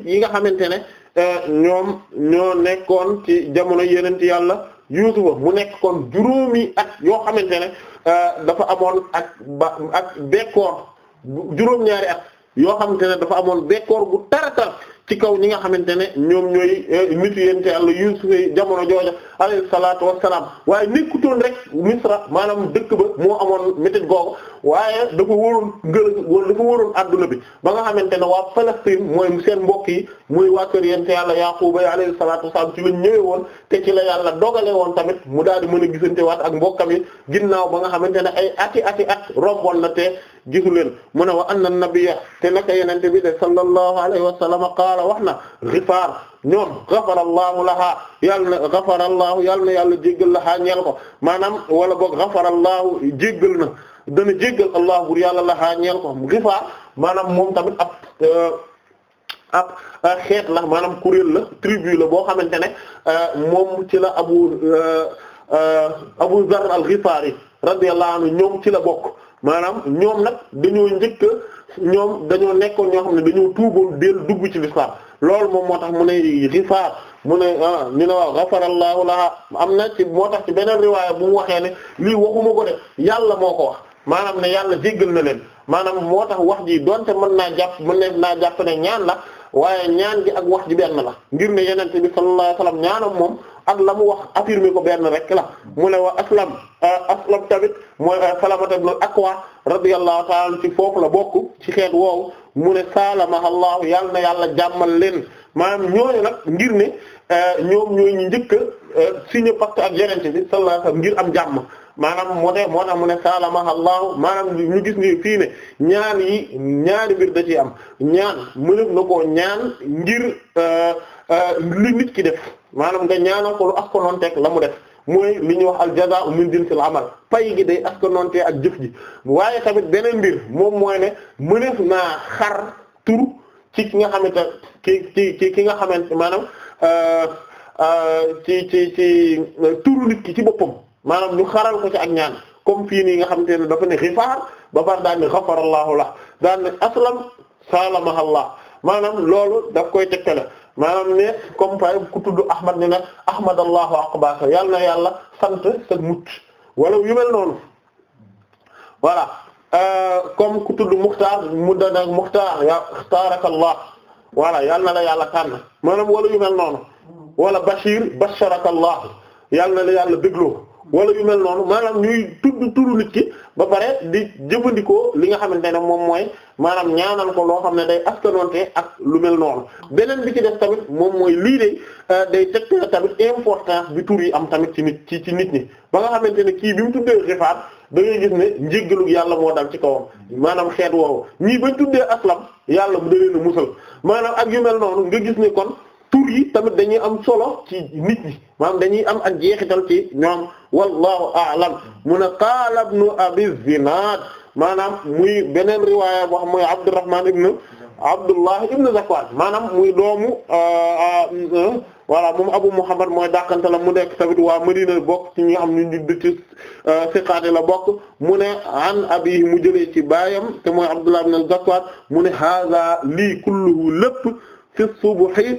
yi nga xamante ne euh, ñoom ñoo nekkoon ci jamono yenent yàlla yuusufa mu nekk kon juróomi at yoo xamante ne euh, dafa amoon ak ba ak bekkoor juróom-ñaari at yoo xamante ne dafa amoon bekkoor bu taratar ci kaw ñi nga xamante ne ñoom ñooy eh, nitu yente yàlla Yuusuf jamono jooja alayhi wa wassalaam waaye nekkutoon rek Misra maanaam dëkk ba moo amoon métit googu waaye dafa wóoroon gën dafa wóoroon adduna bi ba nga xamante ne waa Palestine mooy seen mbokk yi muy waa kër yente yàlla Yaquuba alayhi salaatu wassalaam ci lañ ñëwee woon te ci la yàlla dogale woon tamit mu daal di mën a gisante waat ak mbokkam yi ginnaaw ba nga xamante ne ay ati ati at romboon na te gisu leen mu ne wa anna nabiyya te naka yenente bi de sallallahu alayhi wa sallam qaala wax na gifaar ñoom gafarallaahu lahaa yàll na gafarallaahu yàll na yàlla jéggal lahaa ñeel ko maanaam wala boog gafarallaahu jéggal na dana jéggal allah bur yàlla lahaa ñeel ko gifaar maanaam moom tamit ab euh, euh, xeet la maanaam kuréel la tribu la boo xamante ne euh, moom ci la abu abu zar al-Ghifari radiyallahu anhu ñoom ci la bokk maanaam ñoom nag dañoo njëkk ñoom dañoo nekkoon ñoo xam ne dañoo tuuboon dellu dugg ci lislaam loolu moom moo tax mu ne rifaar mu ne ah ñu ne waaw ghafarallahu laha am na moo tax ci beneen riwaaya bu mu waxee ne lii waxuma ko de yàlla moo ko wax maanaam ne yàlla jéggal na leen maanaam moo tax wax ji donte mën naa jàpp mën ne naa jàpp ne ñaan la waaye ñaan gi ak wax ji benn la ngir ne yenente bi sallallahu alayhi wasallam ñaanam moom ak la mu wax affirmé ko benn rek la mu wax wa aslam euh, aslam tamit mooy euh, salamata ibn al-Akwa radiyallahu ta'ala ci foofu la bokk ci xeet wow mu ne saalamahallahu yàlla na yàlla jàmmal leen maanaam ñooñu nag ngir ne euh, ñoom ñooy njëkk a signé ak yenente bi ngir am jàmma maanaam moo tax moo tax mu ne saalamahallahu maanaam ñu gis ni fii ne ñaan ñaari mbir da am ñaan mëneb na koo ñaan ngir li nit ki def maanaam nga ñaanal ko lu askanonteeg la mu def mooy li ñuy wax al jazaa'u min jinsil amal pay gi day askanonte ak jëf ji waaye tamit beneen mbir moom mooy ne mëneef naa xar tur ci ki nga xamante ki ci ki nga xamante maanaam euh, euh, ci ci ci turu nit ki ci boppam maanaam ñu xaral ko ci ak ñaan comme fii nii nga xamante ne dafa ne xifaar ba pare daan ne xafarallaahu la daan ne aslam salamahallah maanaam loolu daf koy la maanaam ne comme par exemple ku tudd Ahmad ni nag Ahmad allahu akbar yàlla na yàlla sant sa mucc wala yu mel noonu voilà euh, comme ku tudd Muxtaar mu dana Muxtaar ya xtaarakallah voilà yàlla na la yàlla tànn maanaam wala yu mel noonu wala Bashir basharakallah yàlla na la yàlla dégloo wala yu mel noonu maanaam ñuy tudd turu nit ki ba pare di jëfandikoo li nga xamante ne moom mooy maanaam ñaanam ko loo xam ne day askanoonte ak lu mel noonu beneen bi ci def tamit moom mooy lii de euh, day tegtal tamit important bi tur yi am tamit ci nit ci ci nit ñi ba nga xamante ne kii bi mu tuddee Gifaar da ngay gis ne njéggalu yàlla moo dal ci kawam maanaam xeet woowu ñii bañ tuddee aslam yàlla bu da leen musal maanaam ak yu mel noonu nga gis ne kon yi tamit dañuy am solo ci nit ñi maanaam dañuy am ak jeexital ci ñoom wallahu a'lam mu ne qaala ibnu abi zinaad maanaam muy beneen riwaaya boo xam mooy abdurrahman ibnu abdullah ibnu zakwaan maanaam muy doomu euh, euh, euh, voilà moom Abu Muhammad mooy dàqante la mu nekk tamit waa Madina bokk ci ñi xam ñu ñu ci siqaati la bokk mu ne an abi mu jëlee ci baayam te mooy Abdullah ibn Zakwaan mu ne haza lii kulluhu fi subhi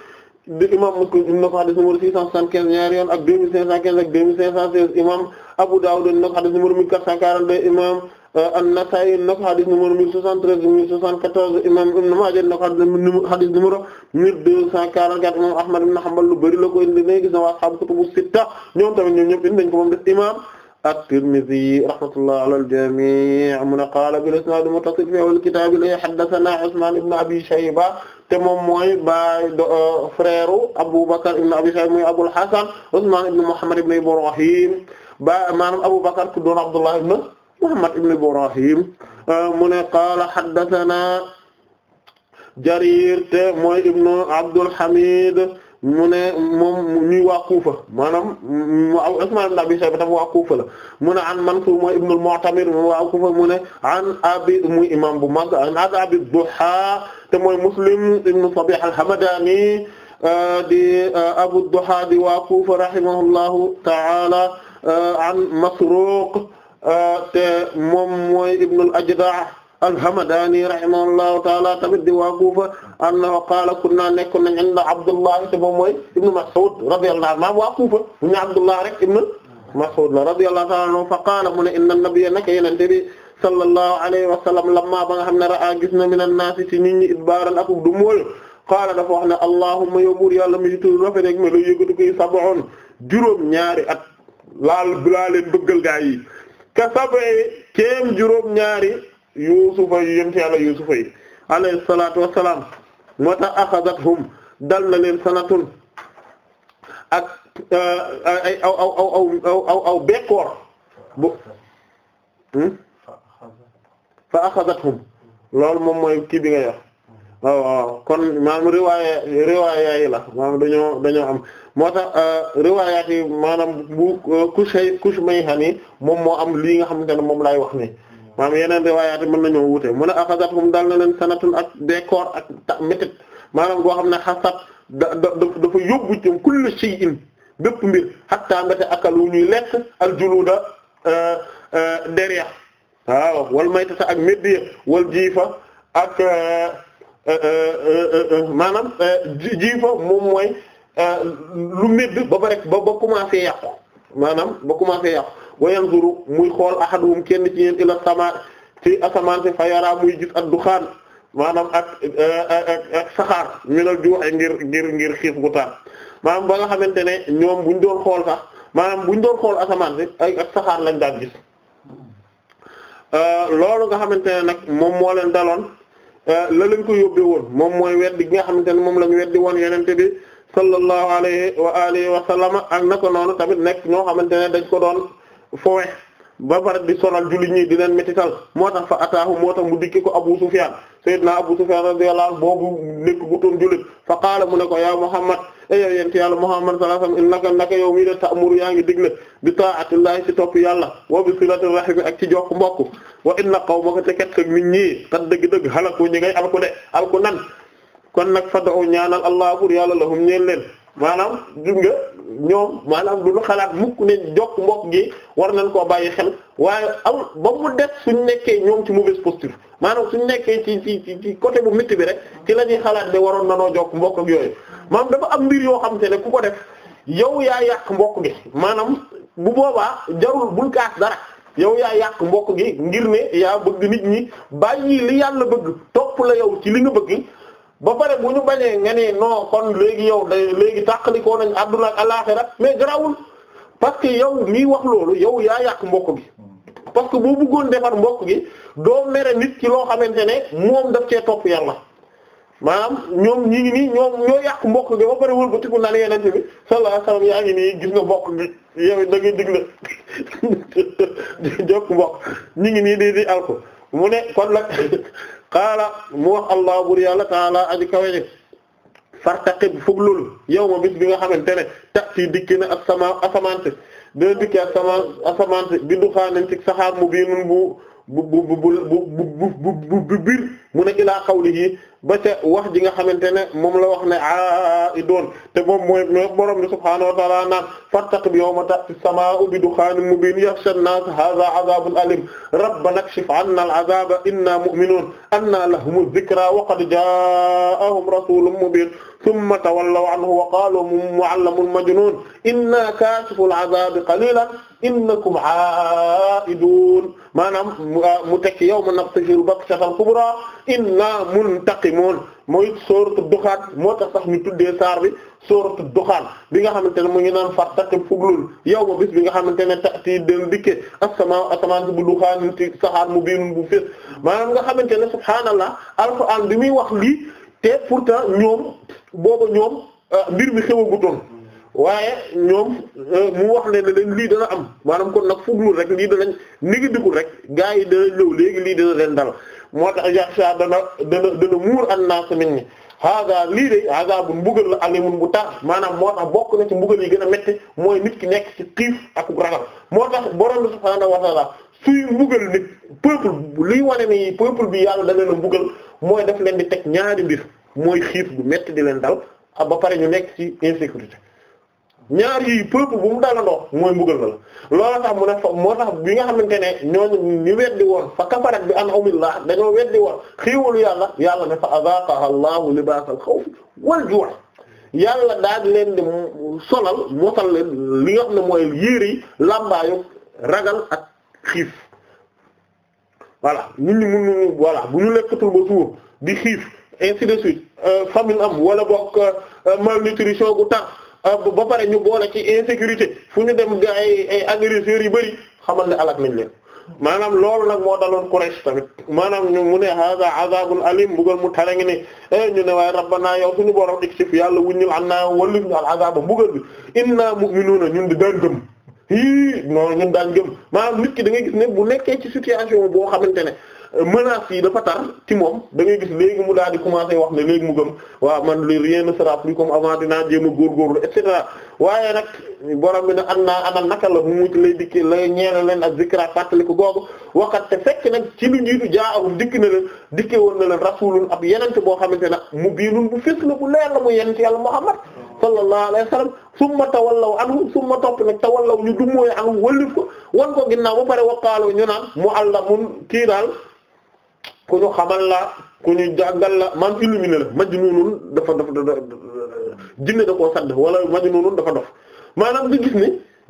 di imam Muslim indi na ko xadis numéro 675 ñaari yoon ak 2515 ak 2516 imam Abu Dawud indi na ko xadis numéro 1442 imam euh, An-Nasa'i indi na ko xadis numéro 1073 1074 imam Ibn Maaja indi na ko xadis numéro 1244 imam Ahmad ibn Hanbal lu bari la ko indi léegi gis na waa ashaabu kutubu sitta ñoom tamit ñoom ñëpp indi nañu ko moom des imam At-Tirmidhi rahmatullah ala al-jami' mun qala bil isnad muttasil fi awwal kitab li haddathana Usman ibn Abi Shayba te moom mooy baay euh, frère Aboubacar ibn Abi Shayba muy Abul Hasan Usman ibn Muhammad ibn Ibrahim ba maanaam Aboubacar tuddoon Abdullah ibn Muhammad ibn Ibrahim euh, mu ne qaala haddathana Jarir te mooy ibn Abdul Hamid mu ne moom ñuy waa Kufa maanaam Usman ibn Abi Shayba tam waa Kufa la mu ne an Mansur mooy ibn al-Mu'tamir mu waa Kufa mu ne an abi muy imam bu mag an Abi Duha te mooy Muslim ibn Sabih al-Hamdani euh, di euh, Abu Duha di waa Kufa rahimahullahu ta'ala euh, an Masruq te moom mooy ibn al-Ajda' al-Hamdani rahimahullahu taala tamit di waa Kufa annahu qaala kunna nekk nañ inda Abdullah te moom mooy ibnu Mas'ud radiyallahu anhu waa Kufa mu ne Abdullah rek ibnu Mas'ud la radiyallahu taala anhu fa qaala mu ne inna nabiyya naka yonent bi sallallahu alayhi wa sallam lamma ba nga xam ne raa gis na min an-naasi ci nit ñi idbaaran ak du mool qaala dafa wax ne allahumma yow buur yàlla mi tudd rafet rek ma lay yëgatu koy sab'un juróom ñaari at laal bu laa leen bëggal gaa yi ka sab'i kéem juróom ñaari yuusufa yu yonent yàlla yuusufa yi alayhi salaatu wassalaam moo tax axadathum dal na leen sanatun ak euh, ay aw bekkoor bu hmm? fa axadathum loolu moom mooy kii bi nga yor kon maanaam riwaaya riwaaya yi la maanaam dañoo dañoo am moo tax euh, riwaayaat yi maanaam bu euh, Kushaymayhani moom moo am lii nga xamante ne moom lay wax ni maanaam yeneen riwaayaat mën nañoo wuute a ne axazathum dal na leen sanatun ak décor ak ta métit maanaam goo xam ne xasat da da dafa yóbbu ci kullu shay'in bépp mbir hatta mbéte akalu lekk al juluda euh, euh, dereex waaw wal maytata ak méddi wal jiifa ak euh, maanaam jiifa moom mooy lu médd ba ba ba ba commencé yàqu maanaam ba commencé yàqu wa yanzuru muy xool ahaduhum kenn ci yeen ila sama ci asamaan si fa yara muy gis ak duxaan maanaam ak ak eh, ak eh, saxaar minal juuxe ngir ngir ngir xiif gu tar ba nga xamante ne ñoom buñ doon xool sax maanaam buñ doon xool asamaan si ay ak saxaar lañ daan gis eh, loolu nga xamante ne nag moom moo leen daloon la lañ ko yóbbee woon moom mooy weddi gi nga xamante ne moom lañ weddi woon yenente bi sallallahu alayhi wa alihi wa sallama ak na ko noonu tamit nekk ñoo xamante ne dañ ko doon fowe ba pare di sonal jullit ñii di leen métital moo tax fa ataahu moo tax mu dikki ko Abu Sufyan sayyidna Abu Sufyan radiyallahu anhu boobu nekk gu doon jullit fa qaala mu ne ko ya Muhammad e yow yent yàlla Muhammad sallallahu alayhi wasallam innaka naka yow mii de ta'muru yaa ngi digle bi ta'atillahi ci topp yàlla wa bi silati rahimi ak ci jokk mbokk wa inna qawmaka te kat nit ñi kat dëgg-dëgg halaku ñi ngay alku de alku nan kon nag fad'u ñaanal Allah bur yàlla lahum ñeen leen maanaam gis nga ñoom maanaam du ñu xalaat mukk ne jokk mbokk gi war nañ koo bàyyi xel waaye amul ba mu def suñu nekkee ñoom ci mauvaise posture maanaam suñu nekkee ci ci ci côté bu métti bi rek ci la ñuy xalaat ne waroon nanoo jokk mbokk ak yooyu maanaam dafa am mbir yoo xam te ne ku ko def yow yaa yàq mbokk gi maanaam bu boobaa jarul bul kaas dara yow yaa yàq mbokk gi ngir ne yaa bëgg nit ñi bàyyi li yàlla bëgg topp la yow ci li nga bëgg. ba pare bu ñu bañee nga ne non kon léegi yow day léegi tàqali koo nañ adduna ak alaxira mais garawul parce que yow mii wax loolu yow yaa yàq mbokk gi parce que boo bëggoon defar mbokk gi doo mere nit ki loo xamante ne moom daf cee topp yàlla maanaam ñoom ñii ngi nii ñoom ñoo yàq mbokk gi ba pare wul ba tiku naan yenente bi sallallahu alayhi wasallam yaa ngi nii gis nga mbokk gi yow da ngay digle jokk mbokk ñi ngi nii di di alko mu ne kon nag qaala mu wax allah bur yàlla taala aji kaweje fartaqib fuglul yawma bis bi nga xamante ne ta si dikki na ak sama asamante dina dikki ak sama asamante bi duxaanen ci saxaar mu bii nun bu bu bu bu bu bu bu biir mu ne ilaa ba ca wax ji nga xamante ne moom la wax ne aa'idoon te moom mooy borom bi subhaanahu wa ta'aala naan fattaqib yawma ta'ti as-samaa'u bi dukhaanin mubiin yaghsha an-naas haadhaa 'adhaabun aliim rabbanaa kshif 'annaa al-'adhaaba innaa mu'minuun annaa lahumu adh-dhikraa wa qad jaa'ahum rasuulun mubiin thumma tawallaw anhu wa qaaluu mu'allamun majnuun innaa kaashifu al-'adhaabi qaliilan innakum 'aa'iduun maanaam mu tekki yawma nabtashiru bakshatan kubraa inna muntaqimun mooy sooratu duxaan moo tax sax ñu tuddee saar bi sooratu duxaan bi nga xamante ne mu ngi naan fartaqib fuglul yow ba bis bi nga xamante ne tati den dikke asamaa asamaan si bu duxaan ci saxaar mu biirun bu fees nga xamante ne subhaanallah alxuraan bi muy wax lii te pourtant ñoom boobu ñoom euh, mbir mi xewagutoon waaye ñoom euh, mu wax leen ne leen lii dana am maanaam kon nag fuglul rek lii danañ nigi dikul rek gaa yi dana ñëw léegi lii dana leen dal moo tax yaxsha dana dana dana muur an naas nit ñi haaga lii de haaga bu mbugal la alimun bu tar maanaam moo tax bokk na ci mbugal yi gën a métti mooy nit ki nekk ci xiif ak ragal moo tax borom bi subhaanahu wa ta'ala suy mbugal nit peuple liy wane ni peuple bi yàlla da leen a mbugal mooy def leen di teg ñaari mbir mooy xiif bu métti di leen dal ba pare ñu nekk ci insécurité ñaar yi peuple bu mu dalandoo mooy mbugal na la loolu tax mu ne fa moo tax bi nga xamante ne ñooñu ñu weddi woon fa kafarat bi an umillah dañoo weddi woon xiiwalu yàlla yàlla ne fa azaqaha allahu libaasal xawf wal ju' yàlla daal leen di solal mosal leen li nga xam ne mooy yére yi làmbaayu ragal ak xiif voilà nit ñi mënuñu voilà bu ñu lekkatul ba suur di xiif ainsi de suite euh, famine am wala bokk euh, malnutrition gu tax Euh, ba pare ñu boole ci insécurité fu ñu dem ay ay agresseurs yu bëri xamal ne alak nañ leen maanaam loolu nag moo daloon Quraysh tamit maanaam ñu mu ne hada azabun alim mbugal mu tare ngi ni eh, ñu ne waaye rabbana yow suñu borom iksif yàlla wuññul an naa walif ñu al azaba mbugal bi inna mu'minuna ñun di daan gëm hii non ñun daan gëm maanaam nit ki da ngay gis ne bu nekkee ci situation boo xamante ne menaces yi dafa tar ci moom da ngay gis léegi mu daal di commencer wax ne léegi mu gëm waaw man li rien ne sera plus comme avant dinaa jéema a góorgóorlu et cetera waaye nag borom bi ne am naa anam naka la mu mucc lay dikki lay ñeena leen ak zikra fàttali ko googu waxat te fekk nag ci lu njiitu jaa awul dikk na leen dikke woon na leen rasulun ab yenente boo xamante ne mu biirun bu fës la bu leer la mu yenent yàlla Muhammad sallallahu alayhi wa sallam summa tawallaw anhu summa topp nag tawallaw ñu dummóoye anhu wëllif ko wan ko ginnaaw ba pare waqaaloo ñu naan mu'allamun kii daal ku ñu xamal la ku ñu jàngal la man illuminé la majnunun dafa dafa jinne da koo sadd wala majnunun dafa dof maanaam nga gis ni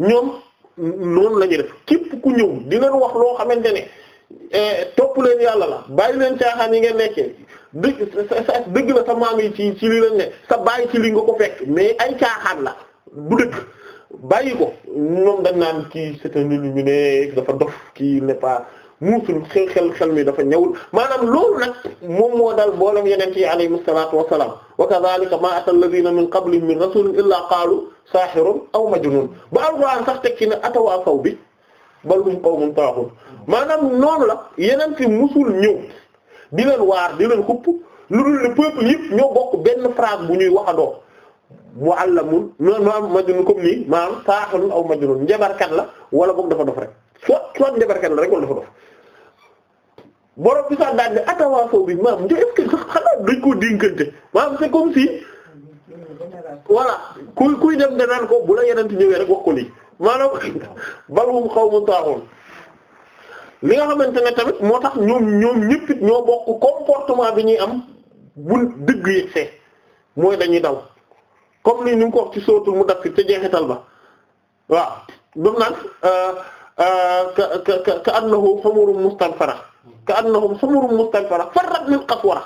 ñoom noonu la ñuy def képp ku ñëw di leen wax loo xamante ne eh, topp leen yàlla la bàyyi leen caaxaan yi ngeen nekkee dëgg sa dëgg la sa maam ci ci li leen ne sa bàyyi ci li nga ko fekk mais ay caaxaan la du dëgg bàyyi ko ñoom dañ naan kii c'est un illuminé dafa dof kii n'est muusul xel xel xel mi dafa ñëwul maanaam loolu nag moom moo dal boolem yeneen yi alayhim salaatu wa salaam wa kadhalika ma ata alladhina min qablihim min rasulin illaa qaalu sahirun aw majnun ba alquran sax tekki ne atawaa bi bal hum qawmun taahun maanaam noonu la yeneen ci musul ñëw di leen waar di leen xupp lu dul le peuple yëpp ñoo bokk benn phrase bu ñuy waxandoo muallamun noonu maam majnun comme nii maanaam sahirun aw majnun njabarkat la wala boog dafa dof rek soit la rek borom bi sax daan ne atawaasaw bi maam ñu est-ce que xanaa duñ dinkante maam c'est comme si voilà kuy kuy dem da ko bu la yeneen ñëwee rek wax ko lii maanaam balum xaw ma taaxoon li nga xamante ne tamit moo tax ñoom ñoom ñëpp it ñoo bokk comportement bi ñuy am bu dëgg yi see mooy dañuy daw comme ni ñu ngi ko wax ci sootul mu dakk ca jeexital ba waaw daf naan euh, euh, ka ka ka annahu humurun mustanfara ka annahum humurun mustanfira farrat min qaswara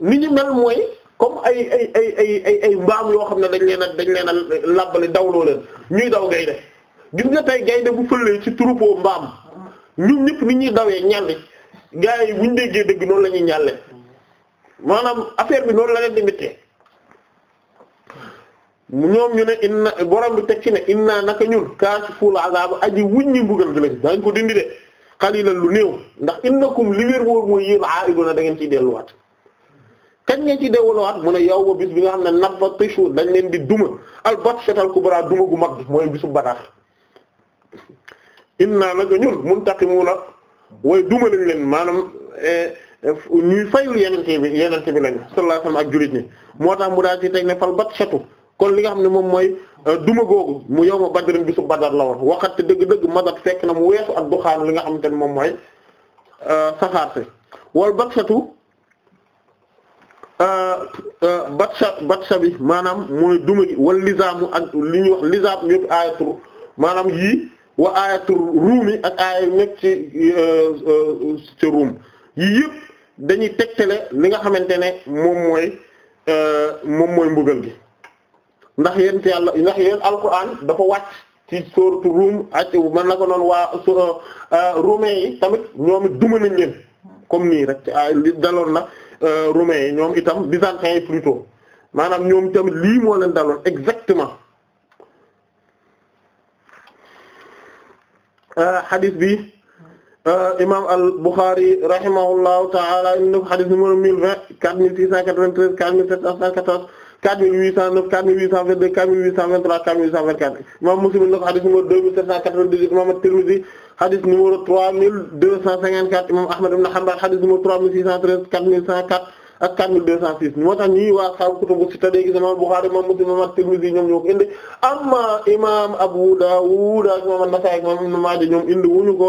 ni ñu mel mooy comme ay ay ay ay ay ay mbaam yoo xam ne dañ leen a dañ leen a labbali dawloo leen ñuy daw de gis nga tey gaynde bu fëlee ci troupeau mbaam ñun ñëpp ni ñuy dawee ñàlli gars yi buñ déggee dëgg noonu la ñuy ñàlle maanaam affaire bi noonu la leen di méttee ñoom ñu ne inna borom bi teg ci ne inna naka ñun kaashiful azaab aji wuñ ñi mbugal gi lañ daañ ko dindi de qalilan lu néew ndax na li wér wóor mooy yéen aaiduna da ngeen ciy delluwaat kañ ngeen ciy delluwaat mu ne yow ba bis bi nga xam ne nabtishu dañ leen di duma al batshatal kubra duma gu mag mooy bisu bataax inna naka ñun muntaqimuuna way duma lañ leen maanaam eh, ñuy fayul yenente bi yenente bi lañ sallallahu alayhi wasallam ak jullit ñi moo tax mu daal ci teg ne fal batshatu kon li nga xam ne moom mooy euh, duma googu mu yow ma badrin bisu badar la woon waxat dëgg-dëgg madat fekk na mu weesu ak duxaan li nga xamante ne moom mooy euh, saxaar si wal batsatu euh, batsa batsa bi maanaam mooy wal lisaamu ak li ñuy wax lisaam yëpp ayatul maanaam yii wa ayatul ruum yi ak aaya ci ci ruum dañuy tegtale li nga xamante ne moom mooy moom mooy mbugal gi ndax yéen yàlla ndax yéen alquran dafa wàcc ci sourate Rum man na ko noonu waa euh, euh, roumain yi tamit ñoom it duma nañ leen comme nii rek ah, daloon na euh, roumain yi ñoom itam byzantin yi plutôt maanaam ñoom tamit lii moo leen daloon exactement hadith bi imam al-Bukhari rahimahullahu ta'ala indi ko hadith numéro mille vingt quatre mille six cent quatre-vingt-treize quatre mille sept cent quatorze 4809 4822 4823 4824 imam Muslim na ko hadith numéro 2798 imam At-Tirmidhi hadith numéro 3254 imam Ahmad ibn Hanbal hadith numéro 3613 4104 ak 4206 moo tax ñii waa xaw kutubu sitta léegi imam Bukhari imam Muslim imam At-Tirmidhi ñoom ñoo ko indi amma imam Abu Dawud ak imam An-Nasa'i imam Ibn Majah indi wuñu ko